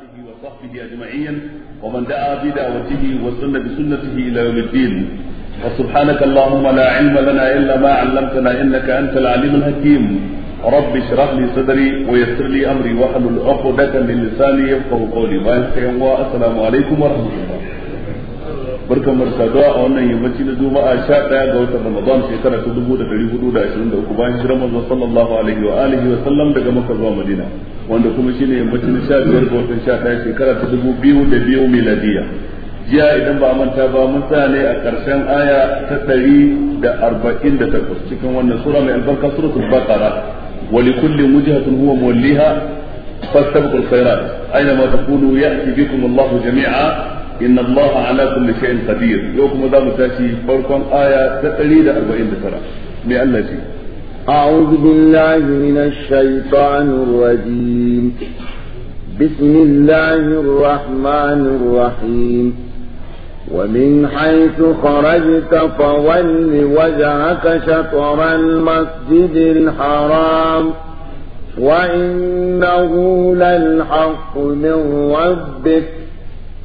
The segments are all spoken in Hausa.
آله وصحبه أجمعين ومن دعا بدعوته وسن بسنته إلى يوم الدين فسبحانك اللهم لا علم لنا إلا ما علمتنا إنك أنت العليم الحكيم رب اشرح لي صدري ويسر لي أمري واحلل عقدة من لساني يفقه قولي ما السلام عليكم ورحمة الله barkan mu saduwa a wannan yammaci na juma'a sha ɗaya ga watan ramadan shekara ta dubu da dari da ashirin da uku bayan hijirar manzon sallallahu alaihi wa alihi wa sallam daga makka zuwa madina wanda kuma shine yammaci na sha biyar ga watan sha ɗaya shekara ta dubu biyu da biyu miladiya jiya idan ba manta ba mun tsaya a karshen aya ta ɗari da arba'in da takwas cikin wannan sura mai albarka suratul baqara wa likulli wujhatun huwa muwalliha fastabiqul khairat aina ma takunu ya'ti bikum Allahu jami'a إن الله على كل شيء قدير يوكم ذا متاشي فرقم آية تقريد أربعين ترى بأن أعوذ بالله من الشيطان الرجيم بسم الله الرحمن الرحيم ومن حيث خرجت فول وجهك شطر المسجد الحرام وإنه للحق من ربك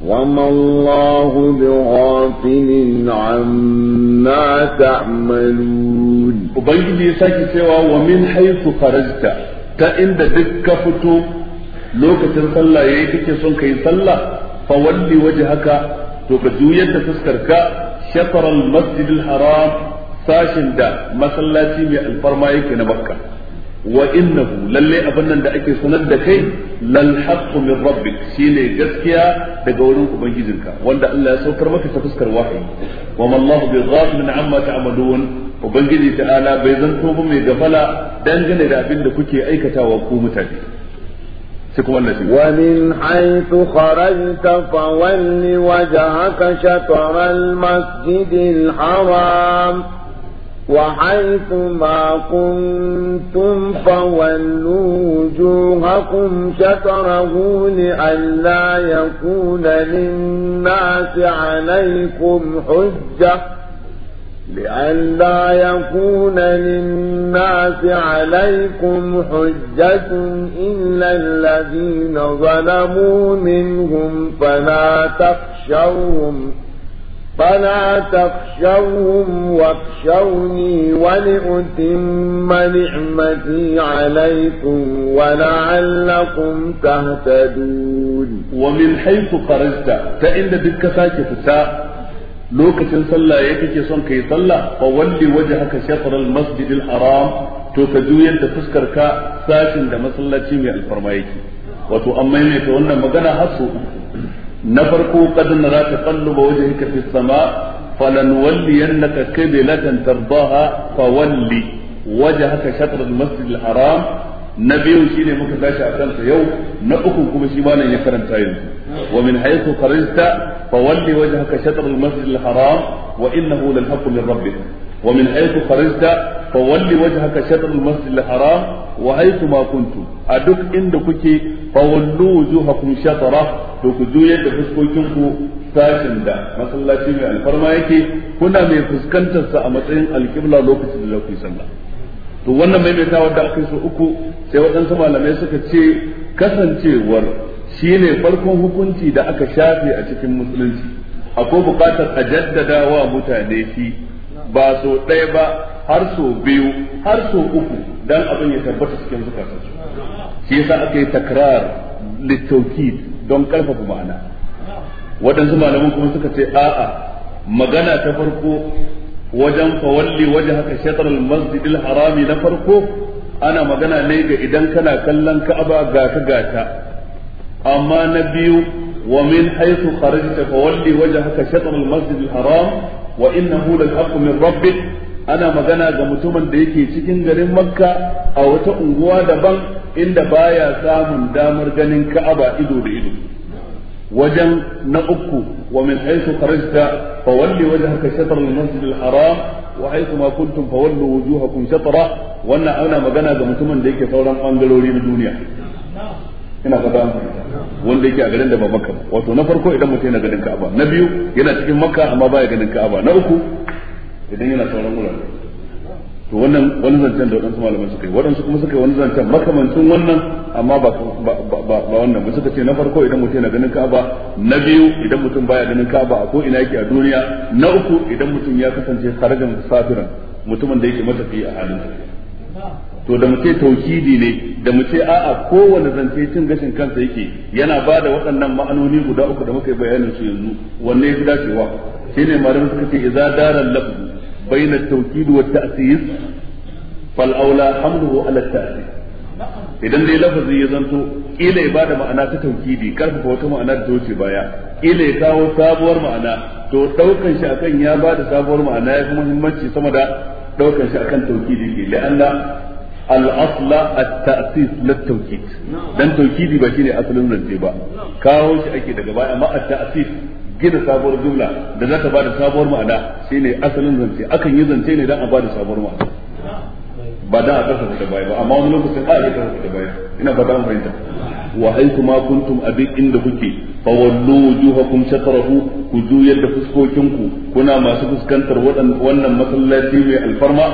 وما الله بغافل عما تعملون وبنجي ساكي سوى ومن حيث خرجت تأند دك فتو لوكة صلى يأتيك سنك يصلى فولي وجهك تكجوية تسكرك شطر المسجد الحرام sashin da masallaci mai alfarma yake na makka wa innahu lalle abin nan da ake sanar da kai lal haqqu min rabbik shine gaskiya daga wurin ubangijinka wanda Allah ya saukar maka ta fuskar wahayi wa ma Allah bi ghafilin amma ta'malun ubangiji ta'ala bai zanto ba mai gafala dangane da abin da kuke aikatawa ku mutane sai kuma Allah shi wa min haythu kharajta haram وحيث ما كنتم فولوا وجوهكم شطره لئلا يكون للناس عليكم حجة لئلا يكون للناس عليكم حجة إلا الذين ظلموا منهم فلا تخشوهم فلا تخشوهم واخشوني ولأتم نعمتي عليكم ولعلكم تهتدون ومن حيث خرجت فإن بك ساكت ساء lokacin sallah ya kake son kai sallah fa walli wajhaka shatr al-masjid haram to ka juyar da fuskar ka sashin da masallaci mai alfarma yake wato amma wannan magana har na farko qad naraka qalluba wajhika fis sama falanwalliyannaka qiblatan tardaha fawalli wajhaka shatr al masjid al haram na biyu shine muka tashi a kansa yau na uku kuma shi malam ya karanta yanzu wa min haythu kharajta fawalli waje haka al masjid al haram wa innahu lil haqqi min rabbika ومن حيث خرجت فول وجهك شطر المسجد الحرام وحيث ما كنتم أدك إن كوكي فولوا وجوهكم yadda fuskokin ku sashin da masallaci mai alfarma yake kuna mai fuskantarsa a matsayin alkibla lokacin da zaku yi sallah to wannan maimaitawar da aka so uku sai waɗansu malamai suka ce kasancewar shine farkon hukunci da aka shafe a cikin musulunci akwai buƙatar a jaddada wa mutane shi ba so ɗaya ba har so biyu har so uku dan abin ya tabbata cikin zukatansu shi yasa aka yi takrar litaukid don karfafa ma'ana waɗansu malaman kuma suka ce a'a magana ta farko wajen fawalli waje haka shatar masjidil harami na farko ana magana ne ga idan kana kallon ka'aba ga ka gata amma na biyu wa min haythu kharajta fawalli waje haka shatar masjidil haram wa innahu lal haqqu min rabbik ana magana ga mutumin da yake cikin garin makka a wata unguwa daban inda baya samun damar ganin ka'aba ido da ido wajen na uku wa min haythu kharajta fa walli wajhaka shatr al-masjid al-haram wa haythu ma kuntum fa wallu wujuhakum shatra wannan ana magana ga mutumin da yake sauran bangalori na duniya ina fata an wanda yake a garin da ba makka wato na farko idan mutum yana ganin ka'aba na biyu yana cikin makka amma baya ganin ka'aba na uku idan yana sauran wurare to wannan wani zancen da waɗansu malaman suka yi waɗansu kuma suka yi wani zancen makamancin wannan amma ba wannan ba suka ce na farko idan mutum yana ganin ka'aba na biyu idan mutum baya ganin ka'aba a ko ina yake a duniya na uku idan mutum ya kasance sarjan safiran mutumin da yake matafi a halin tafiya to da mu ce taukidi ne da mu ce a'a kowane zance cin gashin kansa yake yana ba da waɗannan ma'anoni guda uku da muka yi bayanin su yanzu wanne yafi dacewa shine malamin suka ce idza dara lafzu baina at wa tasis fal aula hamluhu ala tasis idan dai lafazi ya zanto ila ya bada ma'ana ta taukidi karfafa wata ma'ana da wuce baya ila ya kawo sabuwar ma'ana to daukan shi akan ya bada sabuwar ma'ana ya fi muhimmanci sama da daukan shi akan taukidi ke la'alla الأصل التأسيس للتوكيد dan tauhidi ba ne asalin rance ba kawo shi ake daga baya amma at-ta'sif gina sabuwar jumla da za ta bada sabuwar ma'ana shine asalin rance akan yi zance ne dan a bada sabuwar ma'ana ba da a karfafa ta baya ba amma wani lokacin ba a iya karfafa ta baya ina ba an fahimta wa haitu ma kuntum a duk inda kuke fa wallu wujuhakum shatrahu ku juyar da fuskokinku kuna masu fuskantar wannan masallaci mai alfarma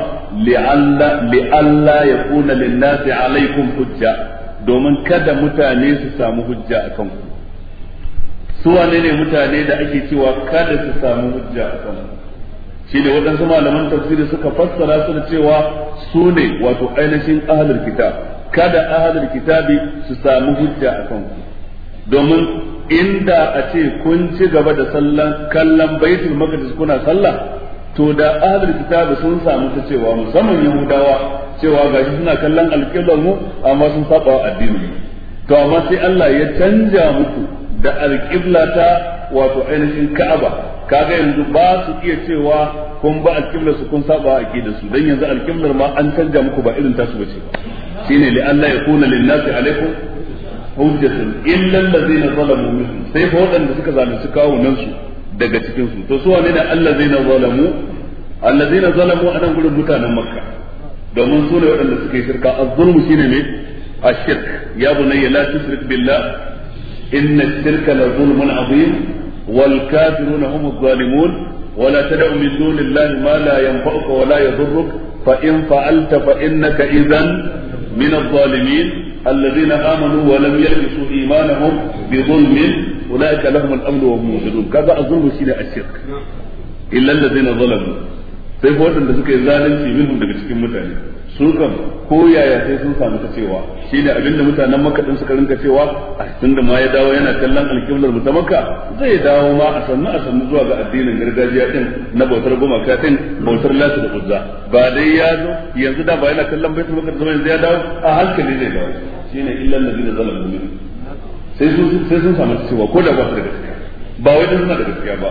li'alla li'alla yakuna lin-nasi alaikum hujja domin kada mutane su samu hujja a ku su wane ne mutane da ake cewa kada su samu hujja a ku. shine waɗansu malaman tafsiri suka fassara su da cewa su ne wato ainihin ahalar kitab kada ahlul kitabi su samu hujja a ku domin inda a ce kun ci gaba da sallan kallon baitul maqdis kuna sallah to da ahlul kitabi sun samu ta cewa musamman yahudawa cewa gashi suna kallon alƙiblar mu amma sun saba addini to amma sai Allah ya canja muku da alƙibla ta wato ainihin ka'aba kaga yanzu ba su iya cewa kun ba alƙiblar su kun saba a aqidar su dan yanzu alƙiblar ma an canja muku ba irin tasu bace ba shine li Allah ya kuna lin nasi alaikum hujjatun illa allazina zalamu minkum sai fa waɗanda suka zalunci nan su daga cikin su to su wane ne allazina zalamu allazina zalamu anan gurin mutanen makka domin su ne waɗanda suka yi shirka az-zulmu shine ne ash-shirk ya bunayya la tushrik billah inna ash-shirka la zulmun azim والكافرون هم الظالمون ولا تدع من دون الله ما لا ينفعك ولا يضرك فإن فعلت فإنك إذا من الظالمين الذين آمنوا ولم يلبسوا إيمانهم بظلم أولئك لهم الأمن وهم مهتدون كذا الظلم شيء الشرك إلا الذين ظلموا sai waɗanda suka yi zalunci minhum daga cikin mutane su kan ko yaya sai sun samu ta cewa shi ne abinda mutanen ɗin suka rinka cewa a ah, tun da ma ya dawo yana kallon alƙiblar ta makka zai dawo ma a sannu a sannu zuwa ga addinin gargajiya din na bautar gumaka din bautar lati da uzza ba dai ya zo yanzu da ba yana kallon baitul maqdis zama yanzu ya dawo a hankali zai dawo ne illan allazina zalamu min sai sun sai sun samu ta cewa ko da ba su da gaskiya ba wai suna da gaskiya ba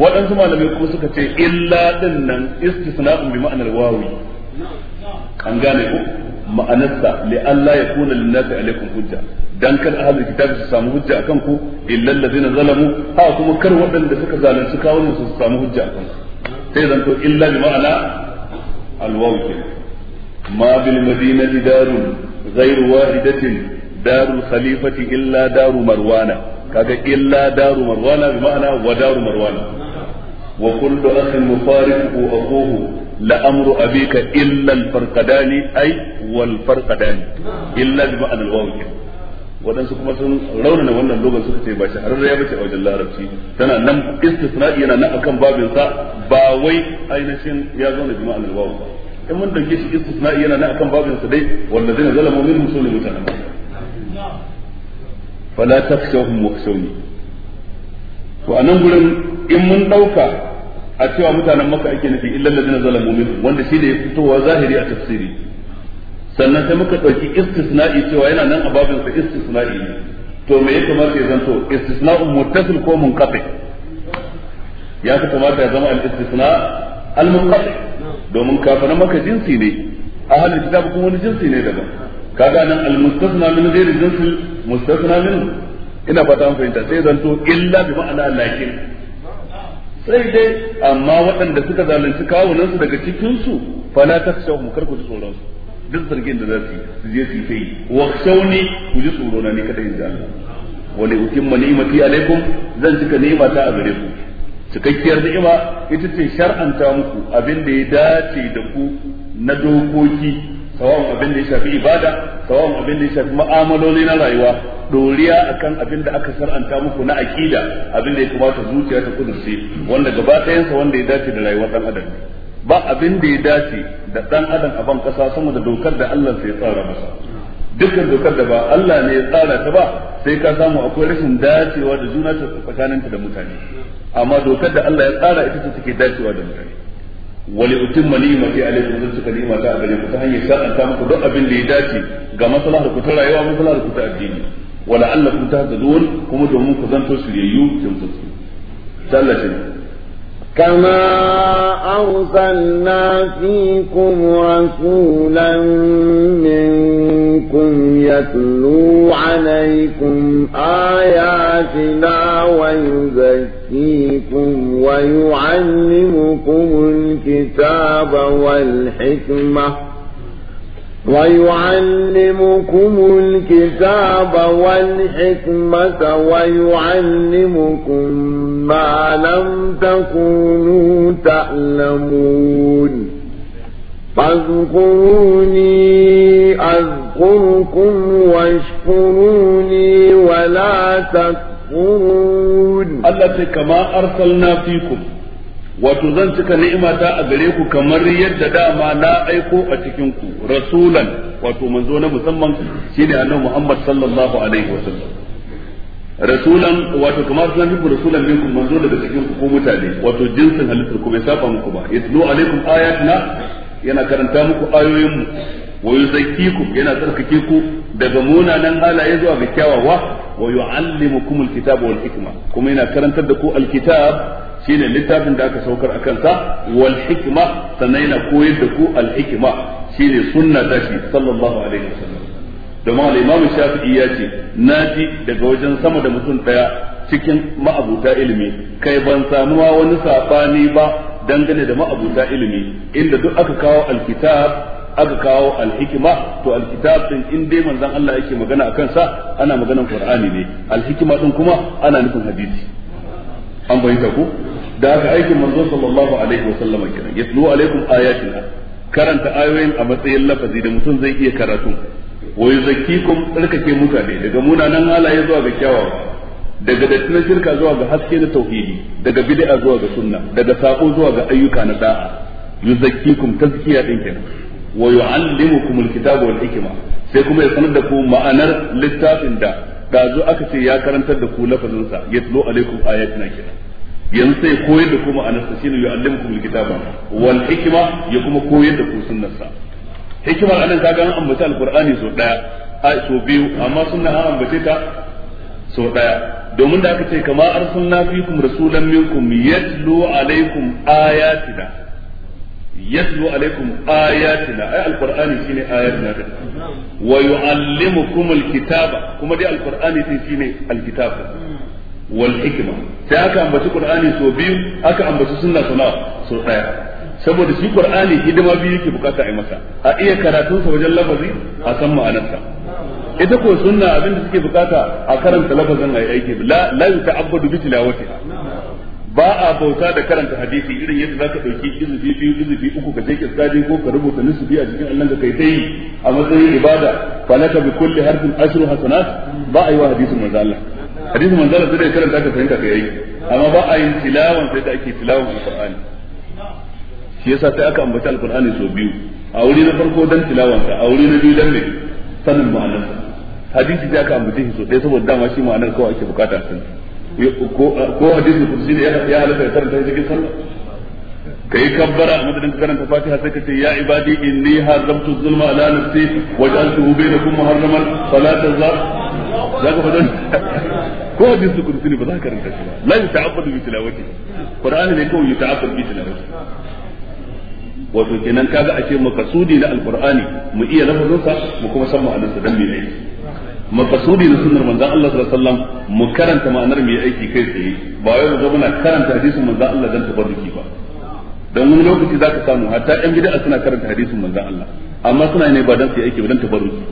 waɗansu malamai kuma suka ce illa din nan istisna'un bi ma'anar wawi an gane ku ma'anarsa li Allah ya kuna linnasi alaikum hujja dan kar ahlul kitab su samu hujja akan ku illal ladina zalamu ha kuma kar waɗanda suka zalunci kawunan su samu hujja akan ku sai zan to illa bi ma'ana alwaw ma bil madinati darun ghayru wahidatin daru khalifati illa daru marwana kaga illa daru marwana bi ma'ana wa daru marwana wa kullu akhin mufariqu akhuhu لأمر أبيك إلا الفرقدان أي والفرقدان إلا بمعنى الواو waɗansu kuma sun raunana wannan logan suka ce ba shahararriya ya ce a wajen larabci tana nan istisna'i yana nan akan babinsa ba wai ainihin ya zo na jima'an alwawu ba in mun dauke shi istisna'i yana nan akan babinsa dai wanda zai zala mu'min musulmi mutanen fala takshawhum wakhshawni to anan gurin in mun dauka a cewa mutanen maka ake nufi illal ladina zalamu minhum wanda shi ne ya wa zahiri a tafsiri sannan sai muka ɗauki istisna'i cewa yana nan a babin sa istisna'i to me ya kamata ya zanto istisna'un muttasil ko munqati ya ka kamata ya zama al istisna al munqati domin kafaran maka jinsi ne ahlul kitab kuma wani jinsi ne daban kaga nan al mustasna min ghairi jinsi mustasna min ina fata an fahimta sai zanto illa bi ma'ana lakin sai dai amma waɗanda suka zalunci kawunansu daga cikin su fala takshawhum kar ku ji tsoron su duk zargin da za su yi su je su yi wa shauni ku ji tsoro na ni kada in ji Allah wa li utimma ni'mati alaikum zan cika ni'ima ta a gare ku cikakkiyar ni'ima ita ce shar'anta muku abin da ya dace da ku na dokoki tawon abin da ya shafi ibada tawon abin da ya shafi ma'amaloli na rayuwa doriya akan abin da aka sar'anta muku na aqida abin da ya kamata zuciya ta kudurce wanda gaba ɗayansa wanda ya dace da rayuwar dan adam ba abin da ya dace da dan adam a ban kasa sama da dokar da Allah sai ya tsara masa dukkan dokar da ba Allah ne ya tsara ta ba sai ka samu akwai rashin dacewa da juna tsakaninta da mutane amma dokar da Allah ya tsara ita ce take dacewa da mutane wali utimma ni'mati alaikum zan suka ni'ma ta gare ku ta hanyar sa'anta muku duk abin da ya dace ga maslahar ku ta rayuwa maslahar ku ta addini wala ta tahtadun kuma domin ku zanto shiryayyu kin tsotsi sallatin كما أرسلنا فيكم رسولا منكم يتلو عليكم آياتنا ويزكي يزكيكم ويعلمكم الكتاب والحكمة ويعلمكم الكتاب والحكمة ويعلمكم ما لم تكونوا تعلمون فاذكروني أذكركم واشكروني ولا تكفروا Allah ce kama arsalna fikum wato zan cika ni'imata a gare ku kamar yadda dama na aiko a cikin ku rasulan wato manzo na musamman shine annabi Muhammad sallallahu alaihi wasallam rasulan wato kamar sunan ku rasulan minkum manzo daga cikin ku ko mutane wato jinsin halittar ku bai safa muku ba yatlu alaikum ayatina yana karanta muku ayoyin mu wa yuzakkikum yana tsarkake ku daga munanan halaye zuwa ga kyawawa wa yu'allimukum alkitaba wal hikma kuma yana karantar da ku alkitab shine littafin da aka saukar a sa wal hikma koyar da ku al hikma shine sunna ta shi alaihi wasallam domin al-imam shafi'i ya ce ji daga wajen sama da mutum ɗaya cikin ma'abuta ilimi kai ban samu wani saɓani ba dangane da ma'abuta ilimi inda duk aka kawo alkitab aka kawo alhikima to alkitab din in dai manzon Allah yake magana akan sa ana maganan qur'ani ne alhikima din kuma ana nufin hadisi an bayyana ku da aka aikin manzon sallallahu alaihi wa sallama kiran yatlu alaikum ayatina karanta ayoyin a matsayin lafazi da mutum zai iya karatu wa yuzakkikum tsarkake mutane daga munanan halaye zuwa ga kyawawa daga dattinan shirka zuwa ga haske na tauhidi daga bid'a zuwa ga sunna daga sako zuwa ga ayyuka na da'a yuzakkikum tazkiya din kenan wa yu'allimukum alkitaba wal hikma sai kuma ya sanar da ku ma'anar littafin da dazu aka ce ya karantar da ku lafazin sa yatlu alaikum ayatina kenan yanzu sai koyar da ku ma'anar sa shine yu'allimukum alkitaba wal hikma ya kuma koyar da ku sunnar sa hikimar anan ga an ambata alqur'ani so daya ai so biyu amma sunna an ambace ta so daya domin da aka ce kama arsalna fikum rasulan minkum yatlu alaikum ayatina yatlu alaikum ayatina ay alqur'ani shine ayatina da wa yuallimukum alkitaba kuma dai alqur'ani din shine alkitab wal hikma sai aka ambaci qur'ani so biyu aka ambaci sunna suna so daya saboda shi qur'ani hidima biyu yake bukata a masa a iya karatunsa wajen lafazi a san ma'anarsa ita ko sunna abin da suke bukata a karanta lafazin ayi aiki la la yuta'abbadu bi tilawatiha ba a bauta da karanta hadisi irin yadda zaka dauki izubi biyu izubi uku ka je kiskaji ko ka rubuta biyu a cikin Allah ka kai tayi a matsayin ibada falaka bi kulli harfin ashru hasanat ba a yi wa hadisin manzo Allah hadisin manzo Allah sai karanta ka fahimta ka yayi amma ba a yi tilawan sai da ake tilawan alqur'ani shi yasa sai aka ambata alqur'ani so biyu a wuri na farko dan tilawansa a wuri na biyu dan me sanin ma'anarsa hadisi sai aka ambaci shi so ɗaya saboda dama shi ma'anar kawai ake bukata a sanin ko hadisi kudusi ne ya halatta ya karanta cikin sallah kai kabbara a madadin karanta fatiha sai ka ce ya ibadi inni haramtu zulma ala nafsi waj'altuhu bainakum muharraman fala tazar za ka fadan ko hadisi kudusi ne ba za ka karanta shi ba la yata'abbadu bi tilawati qur'ani ne kawai yata'abbadu bi tilawati wato kenan kaga ashe makasudi na alqur'ani mu iya lafazinsa mu kuma san ma'anarsa dan me ne makasudi da sunnar manzon Allah sallallahu alaihi wasallam mu karanta ma'anar mai aiki kai tsaye ba yau mu muna karanta hadisin manzon Allah dan tabarruki ba dan wani lokaci ka samu hatta yan bid'a suna karanta hadisin manzon Allah amma suna ne ba dan su aiki ba dan tabarruki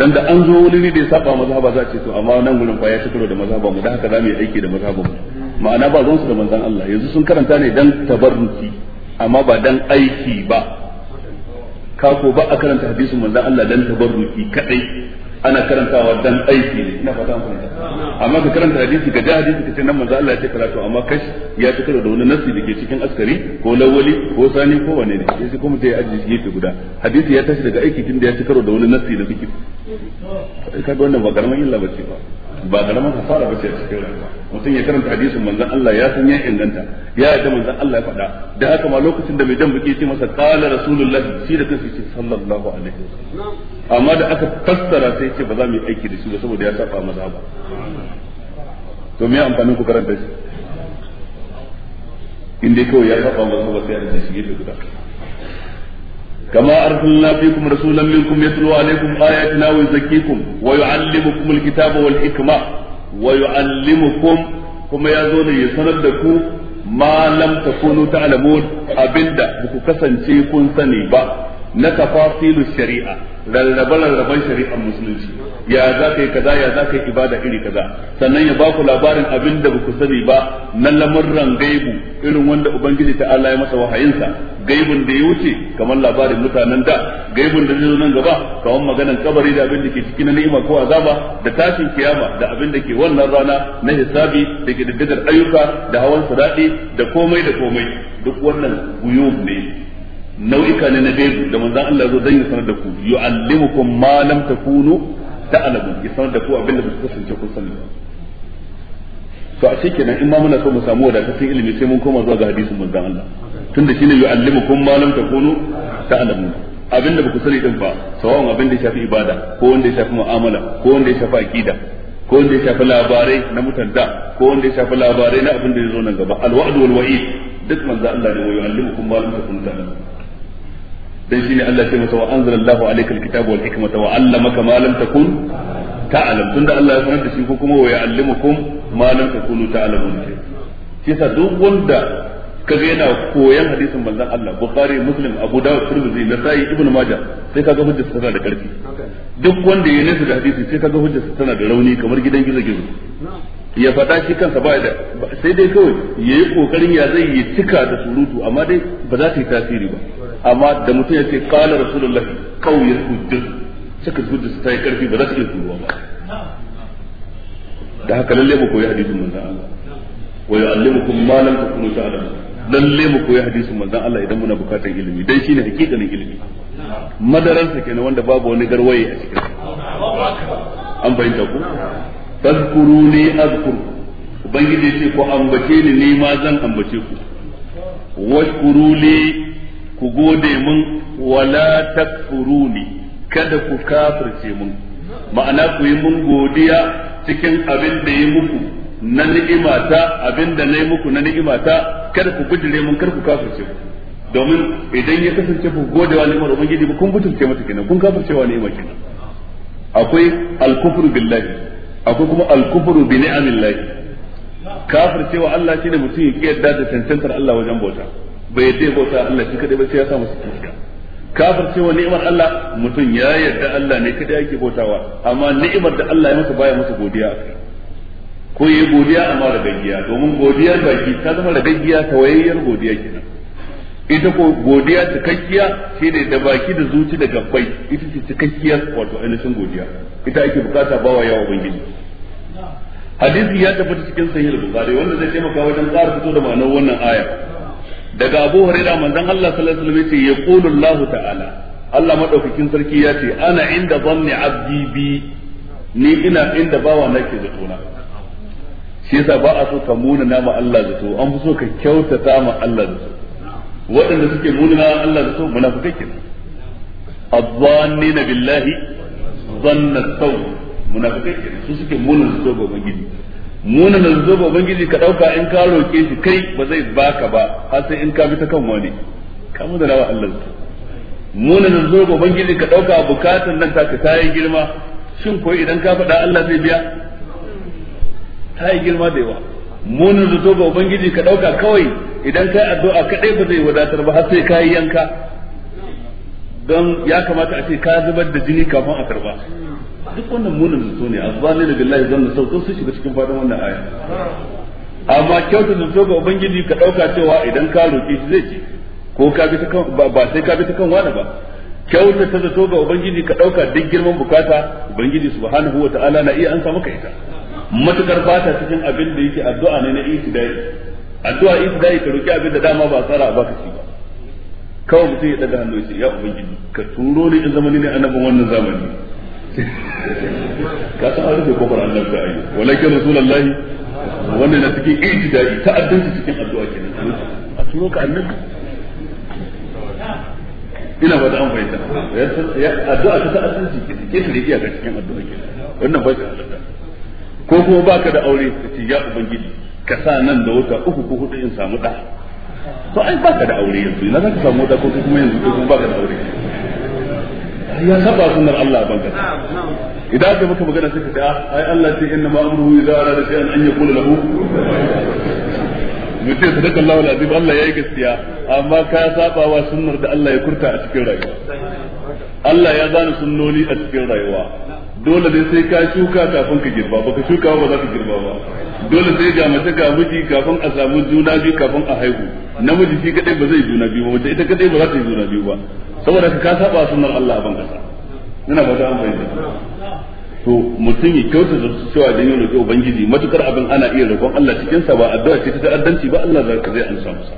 dan da an zo wani ne da ya saba mazhaba za a ce to amma nan gurin fa ya shukuro da mazhaba mu da haka za mu yi aiki da mazhaba mu ma'ana ba zan su da manzon Allah yanzu sun karanta ne dan tabarruki amma ba dan aiki ba kako ba a karanta hadisin manzon Allah dan tabarruki kadai ana karantawa dan aiki ne ina fata mun amma ka karanta hadisi ka ja hadisi ka ce nan manzo Allah ya ce karatu amma kash ya ci da wani nasi ke cikin askari ko lawali ko sani ko wane ne sai kuma sai aji gefe guda hadisi ya tashi daga aiki tunda ya ci da wani nasi da suke kaga wannan ba karaman illa bace ba ba karamin hasara ba ce a cikin rayuwa mutum ya karanta hadisin manzon Allah ya san ya inganta ya yarda manzon Allah ya faɗa da haka ma lokacin da mai dan buke ce masa qala rasulullahi shi da kansa ce sallallahu alaihi wasallam amma da aka fassara sai ce ba za mu yi aiki da shi ba saboda ya saba maza ba to me amfanin ku karanta shi inda kawai ya saba maza ba sai a da shi gefe guda كما أرسلنا فيكم رسولا منكم يتلو عليكم آياتنا ويزكيكم ويعلمكم الكتاب والحكمة ويعلمكم كما يزول يسندكم ما لم تكونوا تعلمون أبدا بكسن شيء كن سني با na tafasilu shari'a lallabe lallaben shari'ar musulunci ya za ka yi kaza ya za ka yi ibada iri kaza sannan ya baku labarin abin da baku sani ba na lamurran gaibu irin wanda ubangiji ta Allah ya masa wahayinsa gaibun da ya wuce kamar labarin mutanen da gaibun da zai zo nan gaba kamar maganar kabari da abin da ke cikin ni'ima ko azaba da tashin kiyama da abin da ke wannan rana na hisabi da ke ayyuka da hawan sadaqi da komai da komai duk wannan guyub ne nau'ika ne na gaibu da manzan Allah zo dan ya sanar da ku yu'allimukum ma lam takunu ta'alamu ya san da ku abin da ku kasance kun sani ba to a cikin nan in ma muna so mu samu wadatattun ilimi sai mun koma zuwa ga hadisin manzon Allah tunda shine yu'allimukum ma lam takunu ta'lamun abin da ku sani din ba sawon abin da ya shafi ibada ko wanda ya shafi mu'amala ko wanda ya shafi aqida ko wanda ya shafi labarai na mutanda ko wanda ya shafi labarai na abin da ya zo nan gaba alwa'd wal wa'id duk manzon Allah ne yu'allimukum ma lam takunu ta'lamun dan shine Allah ya masa wa anzalallahu alaykal kitaba wal hikmata wa allamaka ma lam takun ta'lam tunda Allah ya sanar da shi ko kuma wa ya'allimukum ma lam takunu ta'lamun shi yasa duk wanda kaga yana koyan hadisin manzon Allah Bukhari Muslim Abu Dawud Tirmidhi Nasa'i Ibn Majah sai kaga hujjar tana da karfi duk wanda ya nesa da hadisi sai kaga hujjar tana da rauni kamar gidan gizo gizo ya fada shi kansa ba da sai dai kawai yayi kokarin ya zai yi cika da surutu amma dai ba za ta yi tasiri ba amma da mutum ya ce qala rasulullah qawyat hujjat saka da su yi karfi ba za su iya turuwa ba da haka lalle mu koyi hadisin manzon Allah wa yu'allimukum ma lam takunu ta'lamun lalle mu koyi hadisin manzon Allah idan muna bukatar ilimi ne shine hakikanin ilimi madaransa kenan wanda babu wani garwaye a cikin an bayyana ku tazkuruni azkurku ubangiji ce ku ambace ni ni ma zan ambace ku washkuru li ku gode mun wala takfuruni kada ku kafirce mun ma'ana ku yi mun godiya cikin abin da yi muku na ni'imata abin da na yi muku na ni'imata kada ku bijire mun kada ku kafirce mu domin idan ya kasance ku gode wa ni'imar ubangiji ba kun butulce mata kenan kun kafirce wa ni'ima kenan akwai al billahi akwai kuma al bi ni'amillahi kafirce wa Allah shine mutum ya kiyarda da tantantar Allah wajen bauta bai yadda ya bauta Allah shi kadai ba sai ya sa masa cuta. kafir cewa ni'imar Allah mutum ya yarda Allah ne kadai yake bautawa amma ni'imar da Allah ya masa baya masa godiya ko yayi godiya amma da gaggiya domin godiyar baki ta zama da gaggiya wayayyar godiya kenan ita ko godiya cikakkiya shi ne da baki da zuci da gabbai ita ce cikakkiyar wato ainihin godiya ita ake bukata wa yawa ubangiji hadisi ya tabbata cikin sahih al-bukhari wanda zai taimaka wajen ƙara fito da ma'anar wannan aya daga Abu Hurairah manzon Allah sallallahu alaihi wasallam ya yaqulu Allah ta'ala Allah madaukakin sarki ya ce ana inda zanni abdi bi ni ina inda bawa nake da tona shi yasa ba a so ka muna nama Allah zato an fi so ka kyautata ma Allah zato waɗanda suke muna nama Allah zato munafikai kenan azzannina billahi zanna saw munafikai kenan su suke muna zato ga ubangiji muna na ba ubangiji ka dauka in ka roke shi kai ba zai baka ba har sai in ka bi ta kan wani ka mu da rawa Allah muna na ba ubangiji ka dauka bukatun nan ta ta yi girma shin ko idan ka faɗa Allah zai biya ta yi girma da yawa munin zo ba ubangiji ka ɗauka kawai idan kai addu'a kadai ba zai wadatar ba har sai ka yi yanka don ya kamata a ce ka zubar da jini kafin a karba duk wannan munin zato ne da billahi zanna sauƙin sun shiga cikin fadin wannan aya amma kyautar zato ga ubangiji ka ɗauka cewa idan ka roƙe shi zai ce ko ka bi ta kan ba sai ka bi ta kan wani ba kyautar ta zato ga ubangiji ka ɗauka duk girman bukata ubangiji subhanahu wa ta'ala na iya ansa maka ita matukar ba ta cikin abin da yake addu'a ne na ibtidai addu'a ibtidai ka roƙi abin da dama ba tsara ba ka ci ba kawai mutum ya ɗaga hannu ya ce ya ubangiji ka turo ni in zamani ne annabin wannan zamani ka san an rufe kofar Allah da ayi walakin rasulullahi wannan na cikin ijtihadi addinci cikin addu'a kenan a turo ka annabi ina ba da an fahimta addu'a ta addinci kenan ke shirye iya ga cikin addu'a kenan wannan ba ka ko kuma baka da aure ka ce ya ubangiji ka sa nan da wata uku ko hudu in samu da to ai baka da aure yanzu ina zaka samu da ko kuma yanzu ko kuma baka da aure ya saba sunnar Allah banka idan aka maka magana sai ka ce ah, ai Allah ce inna ma idan idza arada shay'an an yaqula lahu mutum sadaka Allah azim Allah yayi gaskiya amma ka saba wa sunnar da Allah ya kurta a cikin rayuwa Allah ya zana sunnoni a cikin rayuwa dole ne sai ka shuka kafin ka girba baka shuka ba za ka girba ba dole sai ga mace ga miji kafin a samu juna biyu kafin a haihu namiji shi kadai ba zai juna biyu ba mace ita kadai ba za ta yi juna biyu ba saboda ka saba sunnar Allah a ban kasa ina ba da an bayyana to mutum ya kyauta da cewa dan yi roƙi ubangiji matukar abin ana iya roƙon Allah cikin sa ba addu'a ce ta ta'addanci ba Allah za ka zai ansa masa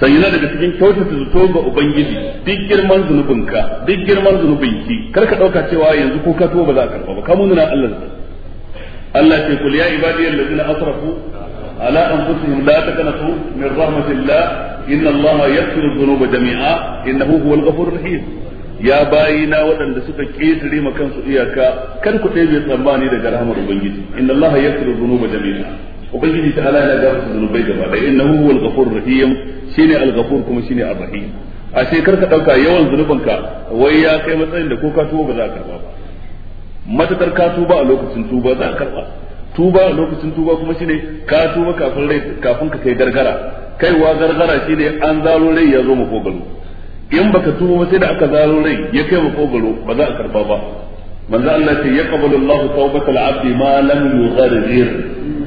sai yana daga cikin kyauta da zato ga ubangiji duk girman zunubinka duk girman zunubinki kar ka dauka cewa yanzu ko ka tuba ba za ka karba ba ka munana Allah Allah ce kul ya ibadiyal ladina asrafu على أنفسهم لا تقنطوا من رحمة الله إن الله يغفر الذنوب جميعا إنه هو الغفور الرحيم ya na waɗanda suka ƙetare ma kansu iyaka kar ku ɗaya bai tsammani daga rahmar ubangiji inna allaha yaghfiru dhunuba jami'a ubangiji ta ala ya gafara zunubai gaba ɗaya innahu huwal ghafur rahim shine al-ghafur kuma shine ar-rahim A sai ka dauka yawan zunubanka wai ya kai matsayin da ko ka tuba ba za ka karba ba matakar ka tuba a lokacin tuba za ka karba tuba a lokacin tuba kuma shine ka tuba kafin rai kafin ka kai gargara kaiwa gargara shine an zaro rai ya zo kogalo in baka tuba ba sai da aka zaro rai ya kai makogaro ba za a karba ba manzo Allah ce ya qabalu Allahu tawbatal abdi ma lam yughargir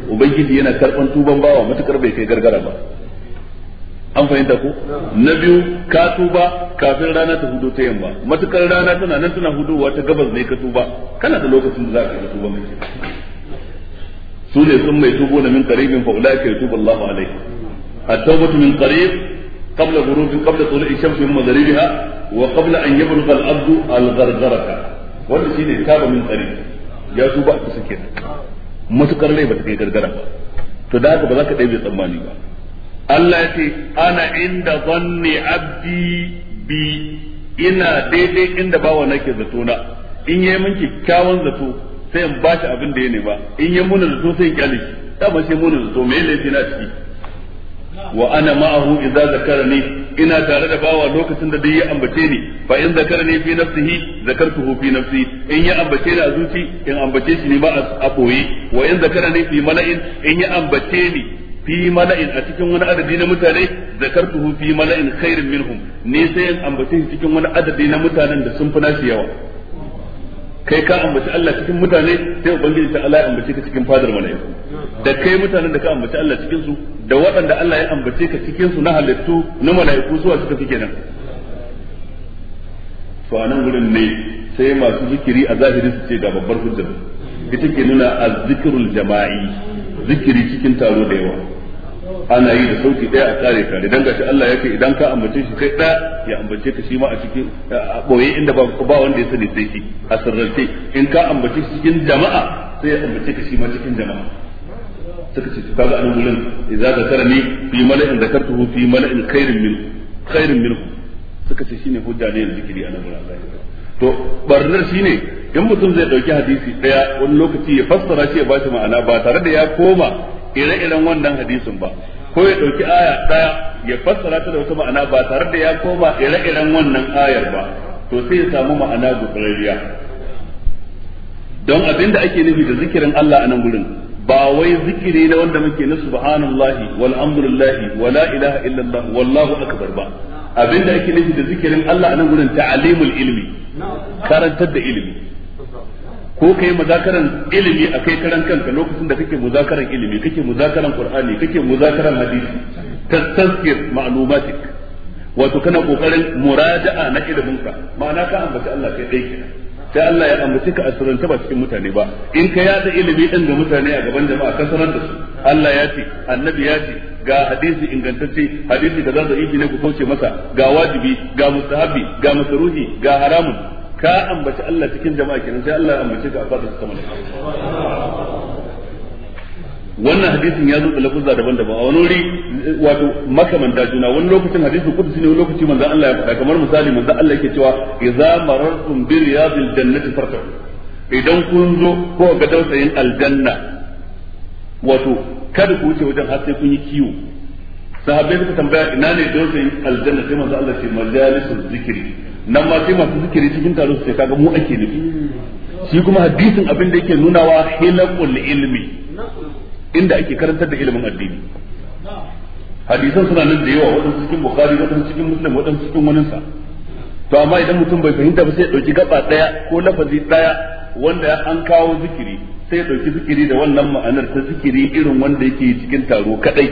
ubangiji yana karban tuban bawa matukar bai kai gargara ba an fahimta ko na biyu ka tuba kafin rana ta hudu ta yamma matukar rana tana nan tana hudowa ta gabas ne ka tuba kana da lokacin da za ka tuba mai su ne sun mai tubo na min qaribin fa ulaika yatubu Allahu alaihi at-tawbatu min qarib qabla ghurubi qabla tulu'i shamsi min magharibiha wa qabla an yablugha al-abdu al-ghargharata wanda shine taba min tsari ya tuba ku suke matukar rai ta kai gargara ba to da haka ba za ka ɗaya tsammani ba Allah ya ce ana inda zanni abdi bi ina daidai inda bawa ke zato na in yi min kyakkyawan zato sai in shi abin da ya ba. in yayi muna zato sai in kyale shi dama sai muna zato me laifi na ciki wa ana ma'ahu idza zakarani ina tare da bawa lokacin da dai ya ambace ni fa in zakarani fi nafsihi zakartuhu fi nafsi in ya ambace ni a zuci in ambace shi ne ba a koyi wa in zakarani fi mala'in in ya ambace ni fi mala'in a cikin wani adadi na mutane zakartuhu fi mala'in khairin minhum ne sai in ambace shi cikin wani adadi na mutanen da sun fi nashi yawa kai ka ambaci Allah cikin mutane sai ubangiji ta Allah ya ambace ka cikin fadar malaiku da kai mutanen da ka ambaci Allah cikin su da waɗanda Allah ya ambace ka cikin su na halittu na malaiku zuwa suka fi kenan to anan gurin ne sai masu zikiri a zahiri su ce ga babbar hujjar ita ke nuna azzikrul jama'i zikiri cikin taro da yawa ana yi da sauti daya a tsare tare dan gashi Allah ya ce idan ka ambace shi sai da ya ambace ka shi ma a cikin a boye inda ba ba wanda ya sani sai shi a sirrance in ka ambace shi cikin jama'a sai ya ambace ka shi ma cikin jama'a suka ce kaga ga gurin idza zakarani fi mala'in zakartuhu fi mala'in khairin min khairin min suka ce shine hujja ne zikiri anan Allah to barnar shine in mutum zai dauki hadisi daya wani lokaci ya fassara shi ya bashi ma'ana ba tare da ya koma ire-iren wannan hadisin ba ko ya ɗauki aya ɗaya ya fassara ta da wata ma'ana ba tare da ya koma ire-iren wannan ayar ba to sai ya samu ma'ana gutsararriya don abin da ake nufi da zikirin Allah a nan gurin ba wai zikiri na wanda muke na subhanallahi wa wala ilaha illallah wallahu akbar ba abin da ake nufi da zikirin Allah a nan gurin ta'alimul ilmi karantar da ilimi ko kai muzakaran ilimi a kai karan kanka lokacin da kake muzakaran ilimi kake muzakaran qur'ani kake muzakaran hadisi tasfir ma'lumatik wato kana kokarin muraja'a na ka ma'ana ka ambaci Allah kai dai kenan sai Allah ya ambaci ka asiranta ba cikin mutane ba in ka yada ilimi din ga mutane a gaban jama'a ka sanar da su Allah ya ce annabi ya ce ga hadisi ingantacce hadisi da za yi ne ku kauce masa ga wajibi ga mustahabi ga masruhi ga haramun ka ambaci Allah cikin jama'a kenan sai Allah ya ambace ka a fadar sama wannan hadisin ya zo da lafuzza daban-daban a wani wuri wato makamanta juna wani lokacin hadisin kudusi ne wani lokaci manzon Allah ya faɗa kamar misali manzon Allah yake cewa idza marartum bi riyadil jannati fartahu idan kun zo ko ga dausayin aljanna wato kada ku wuce wajen har sai kun yi kiwo sahabbai suka tambaya ina ne dausayin aljanna sai manzon Allah ya ce majalisul zikri nan ma sai masu zikiri cikin taro su kaga mu ake nufi shi kuma hadisin abin da yake nunawa hilakul ilmi inda ake karantar da ilimin addini hadisan suna nan da yawa waɗansu cikin bukari waɗansu cikin muslim waɗansu cikin waninsa to amma idan mutum bai fahimta ba sai ya ɗauki gaba ɗaya ko lafazi ɗaya wanda ya an kawo zikiri sai ya ɗauki zikiri da wannan ma'anar ta zikiri irin wanda yake cikin taro kaɗai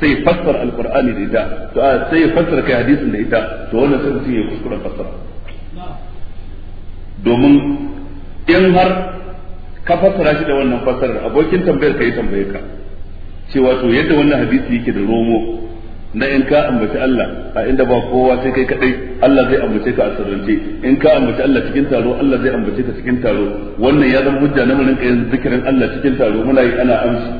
sai fassara alkur'ani da ita to sai fassara kai hadisin da ita to wannan sai mutum ya kuskura fassara domin in har ka fassara shi da wannan fassarar abokin tambayar ka yi tambaye ka cewa to yadda wannan hadisi yake da romo na in ka ambaci Allah a inda ba kowa sai kai kadai Allah zai ambace ka a sirrance in ka ambaci Allah cikin taro Allah zai ambace ka cikin taro wannan ya zama hujja na mun rinka yin zikirin Allah cikin taro muna yi ana amshi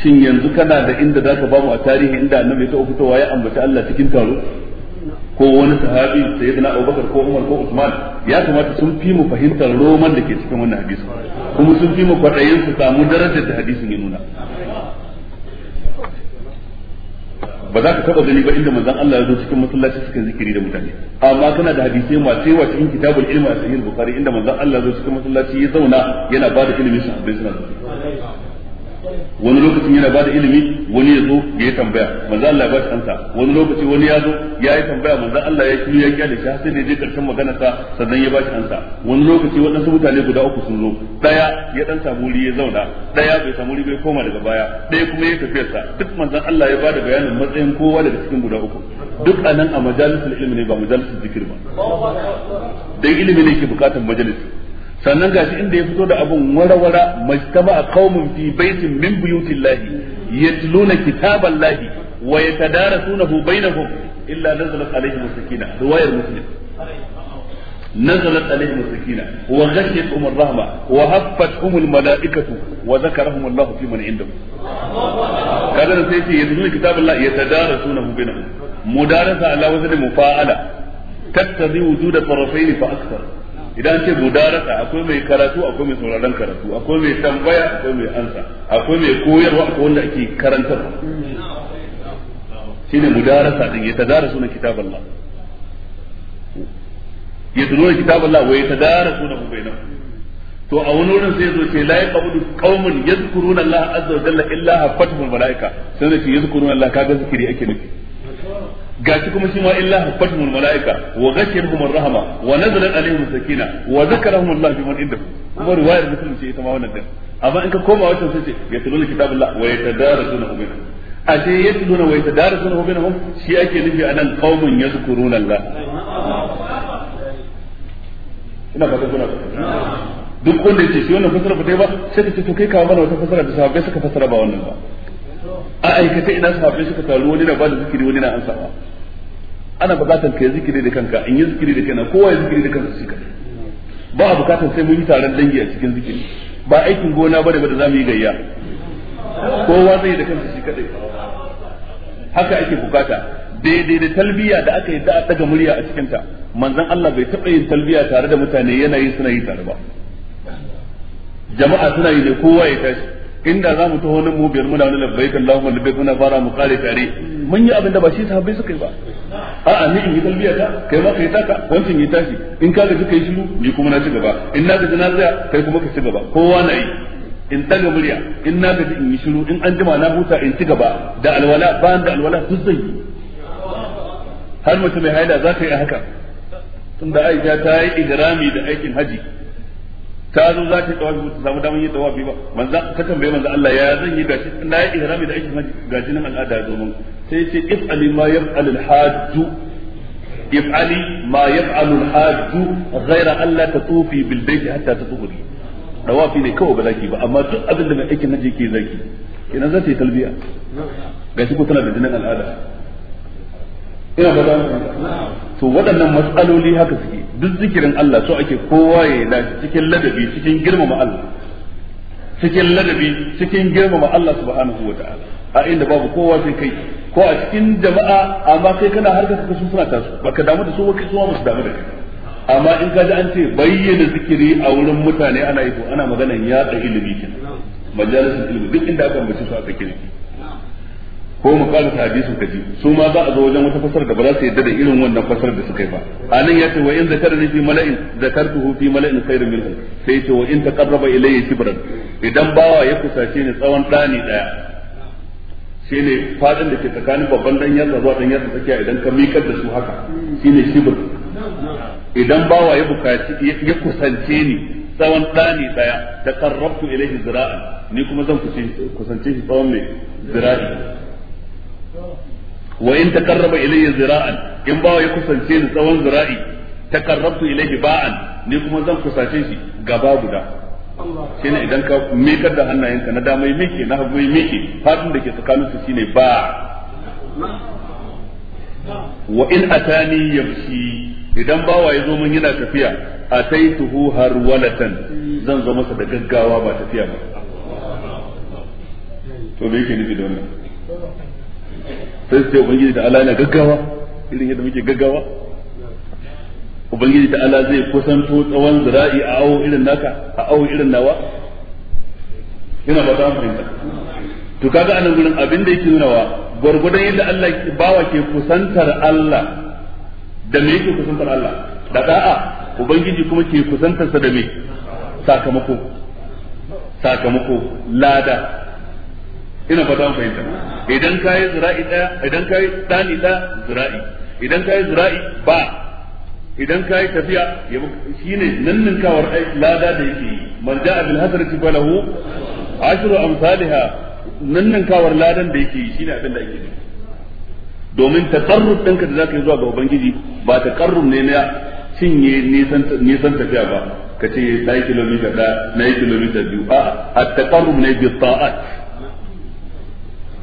shin yanzu kana da inda za zaka bamu a tarihi inda annabi ta fitowa ya ambaci Allah cikin taro ko wani sahabi sayyidina Abubakar ko Umar ko Usman ya kamata sun fi mu fahimtar roman da ke cikin wannan hadisi kuma sun fi mu kwadayin su samu darajar da hadisin ya nuna ba za ka taba gani ba inda manzon Allah ya zo cikin masallaci suka zikiri da mutane amma kana da hadisi masu yawa cikin kitabul ilmi a sahih bukhari inda manzon Allah ya zo cikin masallaci ya zauna yana ba da ilimin sahabbai suna wani lokacin yana bada ilimi wani ya zo ya yi tambaya manzo Allah ya ba ansa wani lokaci wani ya zo ya yi tambaya manzo Allah ya shiru ya kyale shi sai da je karshen magana sa sannan ya ba shi ansa wani lokaci wadansu mutane guda uku sun zo daya ya dan samu wuri ya zauna daya bai samu wuri bai koma daga baya daya kuma ya tafi sa duk manzo Allah ya bada bayanin matsayin kowa daga cikin guda uku duk anan a majalisul ilmi ne ba majalisul zikir ba dan ilimi ne ke bukatar majalisi sannan gashi inda ya fito da abun warawara a qaumun fi baitin min buyutillahi yatluna lahi, wa yatadarasunahu bainahum illa nazalat alaihim sakina riwayar muslim نزلت عليهم السكينة وغشيتهم الرحمة وهفتهم الملائكة وذكرهم الله في من عنده كذا سيتي يتلون كتاب الله يتدارسونه بينهم مدارسة على وزن مفاعلة تقتضي وجود طرفين فأكثر idan ce mudarasa akwai mai karatu akwai mai sauraron karatu akwai mai tambaya akwai mai ansa akwai mai koyarwa akwai wanda ake karantarwa shine mudarasa din ya tadarasu na kitaballah ya tuno kitaballah wa ya tadarasu na bainahum to a wani wurin sai zo ce la ya qaumun yadhkuruna Allah azza wa jalla illa hafathu malaika sai ne yadhkuruna Allah kaga zikiri ake nufi gashi kuma shi ma illa hafatul malaika wa ghashiyahum wa nazala alaihim sakina wa zakarahum Allah bi man kuma riwayar muslim ce ita ma wannan din amma in ka koma wata sai ce yatluna kitaballah wa yatadarasuna minhu ashe wa yatadarasuna shi ake nufi anan qaumun Allah ina fata kuna duk wanda yace shi wannan fasara ba dai ba sai ka ce to kai ka mana wata fasara da sahabbai suka fasara ba wannan ba a aikata ina sahabbai suka taru wani na bada zikiri wani na ansawa ana bukatar kai zikiri da kanka in yi zikiri da kaina kowa ya zikiri da kansa shi kadai ba a bukatar sai mun yi taron dangi a cikin zikiri ba aikin gona bane ba da zamu yi gayya kowa zai da kansa shi kadai haka ake bukata daidai da talbiya da aka yi da daga murya a cikinta manzon Allah bai taɓa yin talbiya tare da mutane yana yi suna yi tare ba jama'a suna yi ne kowa ya tashi inda za mu taho nan mu biyar muna wani labbaik Allahumma labbaik muna fara mu kare tare mun yi abin da ba shi sahabbai suka yi ba a'a ni in yi talbiya ta kai ma kai taka wancan yi tashi in ka gaji kai shiru ni kuma na ci gaba in na gaji na tsaya kai kuma ka ci gaba kowa na yi in daga murya in na gaji in yi shiru in an jima na huta in ci gaba da alwala bayan da alwala duk zai yi har mace mai haida za ka yi haka tunda Aisha ta yi igrami da aikin haji ta zo za ta tawafi ta samu damar yin tawafi ba manzo ta tambaye manzo Allah ya zan yi gashi na yi ihrami da aikin haji ga jinin al'ada ya zo mun sai ce if'ali ma yaf'al al-hajj if'ali ma yaf'al al-hajj ghayra an la tatufi bil bayt hatta tatufi tawafi ne kawai ba zaki ba amma duk abin da mai aikin haji ke zaki ina za ta yi talbiya gashi ko tana da jinin al'ada ina ba to waɗannan matsaloli haka suke duk zikirin Allah so ake kowa ya yi dace cikin ladabi cikin girmama Allah cikin ladabi cikin girmama Allah subhanahu wa ta'ala a inda babu kowa sai kai ko a cikin jama'a amma kai kana harkar ka su suna tasu baka damu da su ba kai su ba su damu da kai amma in ka ji an ce bayyana zikiri a wurin mutane ana yi to ana maganan yatsa ilimi kenan majalisun ilimi duk inda aka ambace su a kirki ko mu karanta hadisin kaji su ma za a zo wajen wata fasar da ba za su yadda da irin wannan fasar da suka yi ba anan ya ce wa in zakarni fi mala'in zakartuhu fi mala'in khairun minhu sai ce wa in taqarraba ilayya shibran idan bawa ya kusace ni tsawon dani daya shine fadin da ke tsakanin babban dan yatsa zuwa dan yatsa take idan ka mikar da su haka shine shibr idan bawa ya bukaci ya kusance ni tsawon dani ɗaya taqarrabtu ilayhi zira'an ni kuma zan kusance shi tsawon mai zira'i wa in taqarraba ilayya zira'an in bawa ya kusance ni tsawon zira'i taqarrabtu ilayhi ba'an ni kuma zan kusace shi gaba guda shine idan ka mikar da hannayenka na dama yi miki na hagu yi miki fadin da ke tsakanin su shine ba wa in atani yamshi idan bawa ya zo mun yana tafiya ataituhu walatan zan zo masa da gaggawa ba tafiya ba to me yake nufi da wannan sai su ce ubangiji da Allah na gaggawa irin yadda muke gaggawa ubangiji da Allah zai kusanto tsawon zira'i a awo irin naka a awo irin nawa ina ba ta fahimta to kaga anan gurin abin da yake wa gwargwadon yadda Allah bawa ke kusantar Allah da me yake kusantar Allah da da'a ubangiji kuma ke kusantar sa da me sakamako sakamako lada ina fata mu fahimta idan kayi zira'i daya idan kayi dani da zira'i idan kayi zira'i ba idan kayi tafiya shine nanninkawar lada da yake man ja'a bil hasanati falahu ashru amsalha nanninkawar ladan da yake shine abin da ake yi domin taqarrub ɗinka da zaka yi zuwa ga ubangiji ba taqarrub ne na cinye nisan tafiya ba ka ce na yi kilomita ɗaya na yi kilomita biyu a at taqarrub ne bi ta'at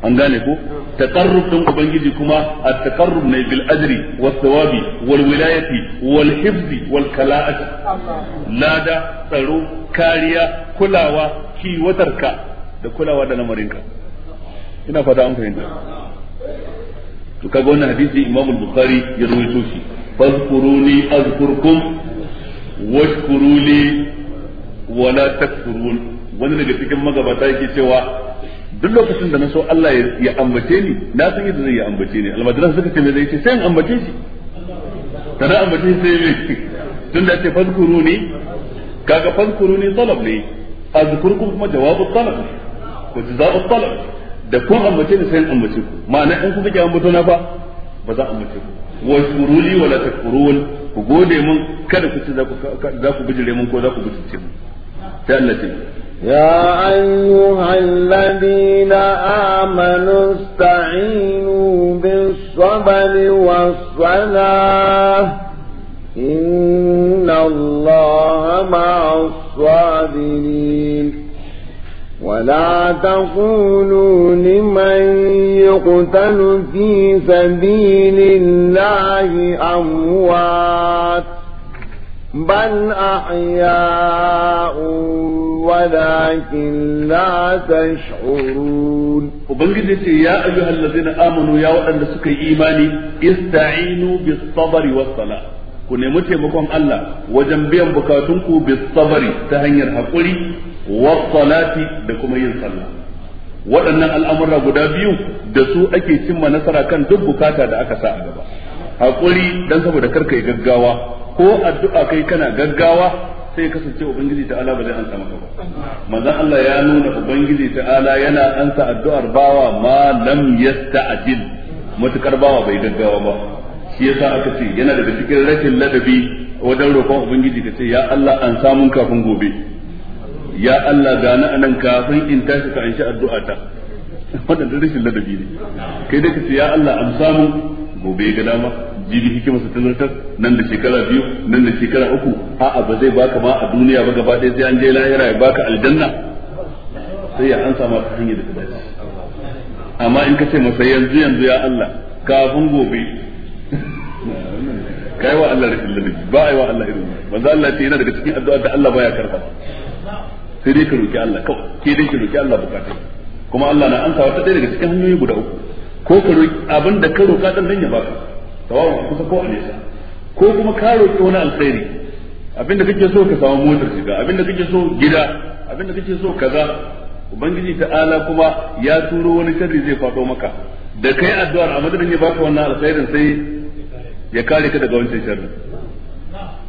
an gane ko taqarrub din ubangiji kuma at taqarrub ne bil ajri was thawabi wal wilayati wal hifzi wal kala'ati lada tsaro kariya kulawa kiwatarka da kulawa da lamarinka ina fata an fahimta to kaga wannan hadisi Imam al-Bukhari ya rawaito shi fazkuruni azkurkum washkuruli wala takfurun wani daga cikin magabata yake cewa duk lokacin da na so Allah ya ambace ni na san yadda zai ya ambace ni almajiran suka ce me zai ce sai in ambace shi kana ambace shi sai me tun da ce fadkuru ne kaga fadkuru ne talab ne azkurkum kuma jawabu talab ko jazaa'u talab da kun ambace ni sai in ambace ku ma'ana in kuka ki ambato na fa ba za a ambace ku wa shuruli wala takfurun ku gode mun kada ku ce za ku za bijire mun ko za ku bijirce mun يا أيها الذين آمنوا استعينوا بالصبر والصلاة إن الله مع الصابرين ولا تقولوا لمن يقتل في سبيل الله أموات بل أحياء ولكن لا تشعرون وبنجي يا أيها الذين آمنوا يا وأن سكي إيماني استعينوا بالصبر والصلاة ku nemi taimakon Allah wajen biyan bukatun bis ta hanyar haƙuri wa da kuma yin sallah waɗannan al'amurra guda biyu da su ake cimma nasara kan duk bukata da aka sa a gaba haƙuri dan saboda karka yi gaggawa ko addu'a kai kana gaggawa sai kasance ubangiji ta'ala ba zai ansa maka ba manzon Allah ya nuna ubangiji ta'ala yana ansa addu'ar bawa ma lam yasta'jil matukar bawa bai gaggawa ba shi yasa aka ce yana daga cikin rashin ladabi wajen roƙon ubangiji ka ce ya Allah an samun kafin gobe ya Allah gani anan kafin in tashi ka anshi addu'a ta. wannan rashin ladabi ne kai da ka ce ya Allah an samu gobe ga dama jibi hikima su tazartar nan da shekara biyu nan da shekara uku a'a ba zai baka ma a duniya ba gaba ɗaya sai an je lahira ya baka aljanna sai ya ansa ma ta hanyar da ta dace amma in ka ce masa yanzu yanzu ya Allah kafin gobe kai wa Allah rikin ladabi ba ai wa Allah irin manzo Allah ce yana daga cikin addu'a da Allah baya karba sai dai ka roki Allah kawai ke dai ki roki Allah bukata kuma Allah na ansa wata daga cikin hanyoyi guda uku ko ka roki abin da ka roka dan dan ya baka tawawu kusa ko a nesa ko kuma ka roƙi wani alkhairi abinda kake so ka samu motar shiga abinda kake so gida abinda kake so kaza ubangiji ta'ala kuma ya turo wani sharri zai faɗo maka da kai addu'ar a madadin ya baka wannan alkhairin sai ya kare ka daga wancan sharri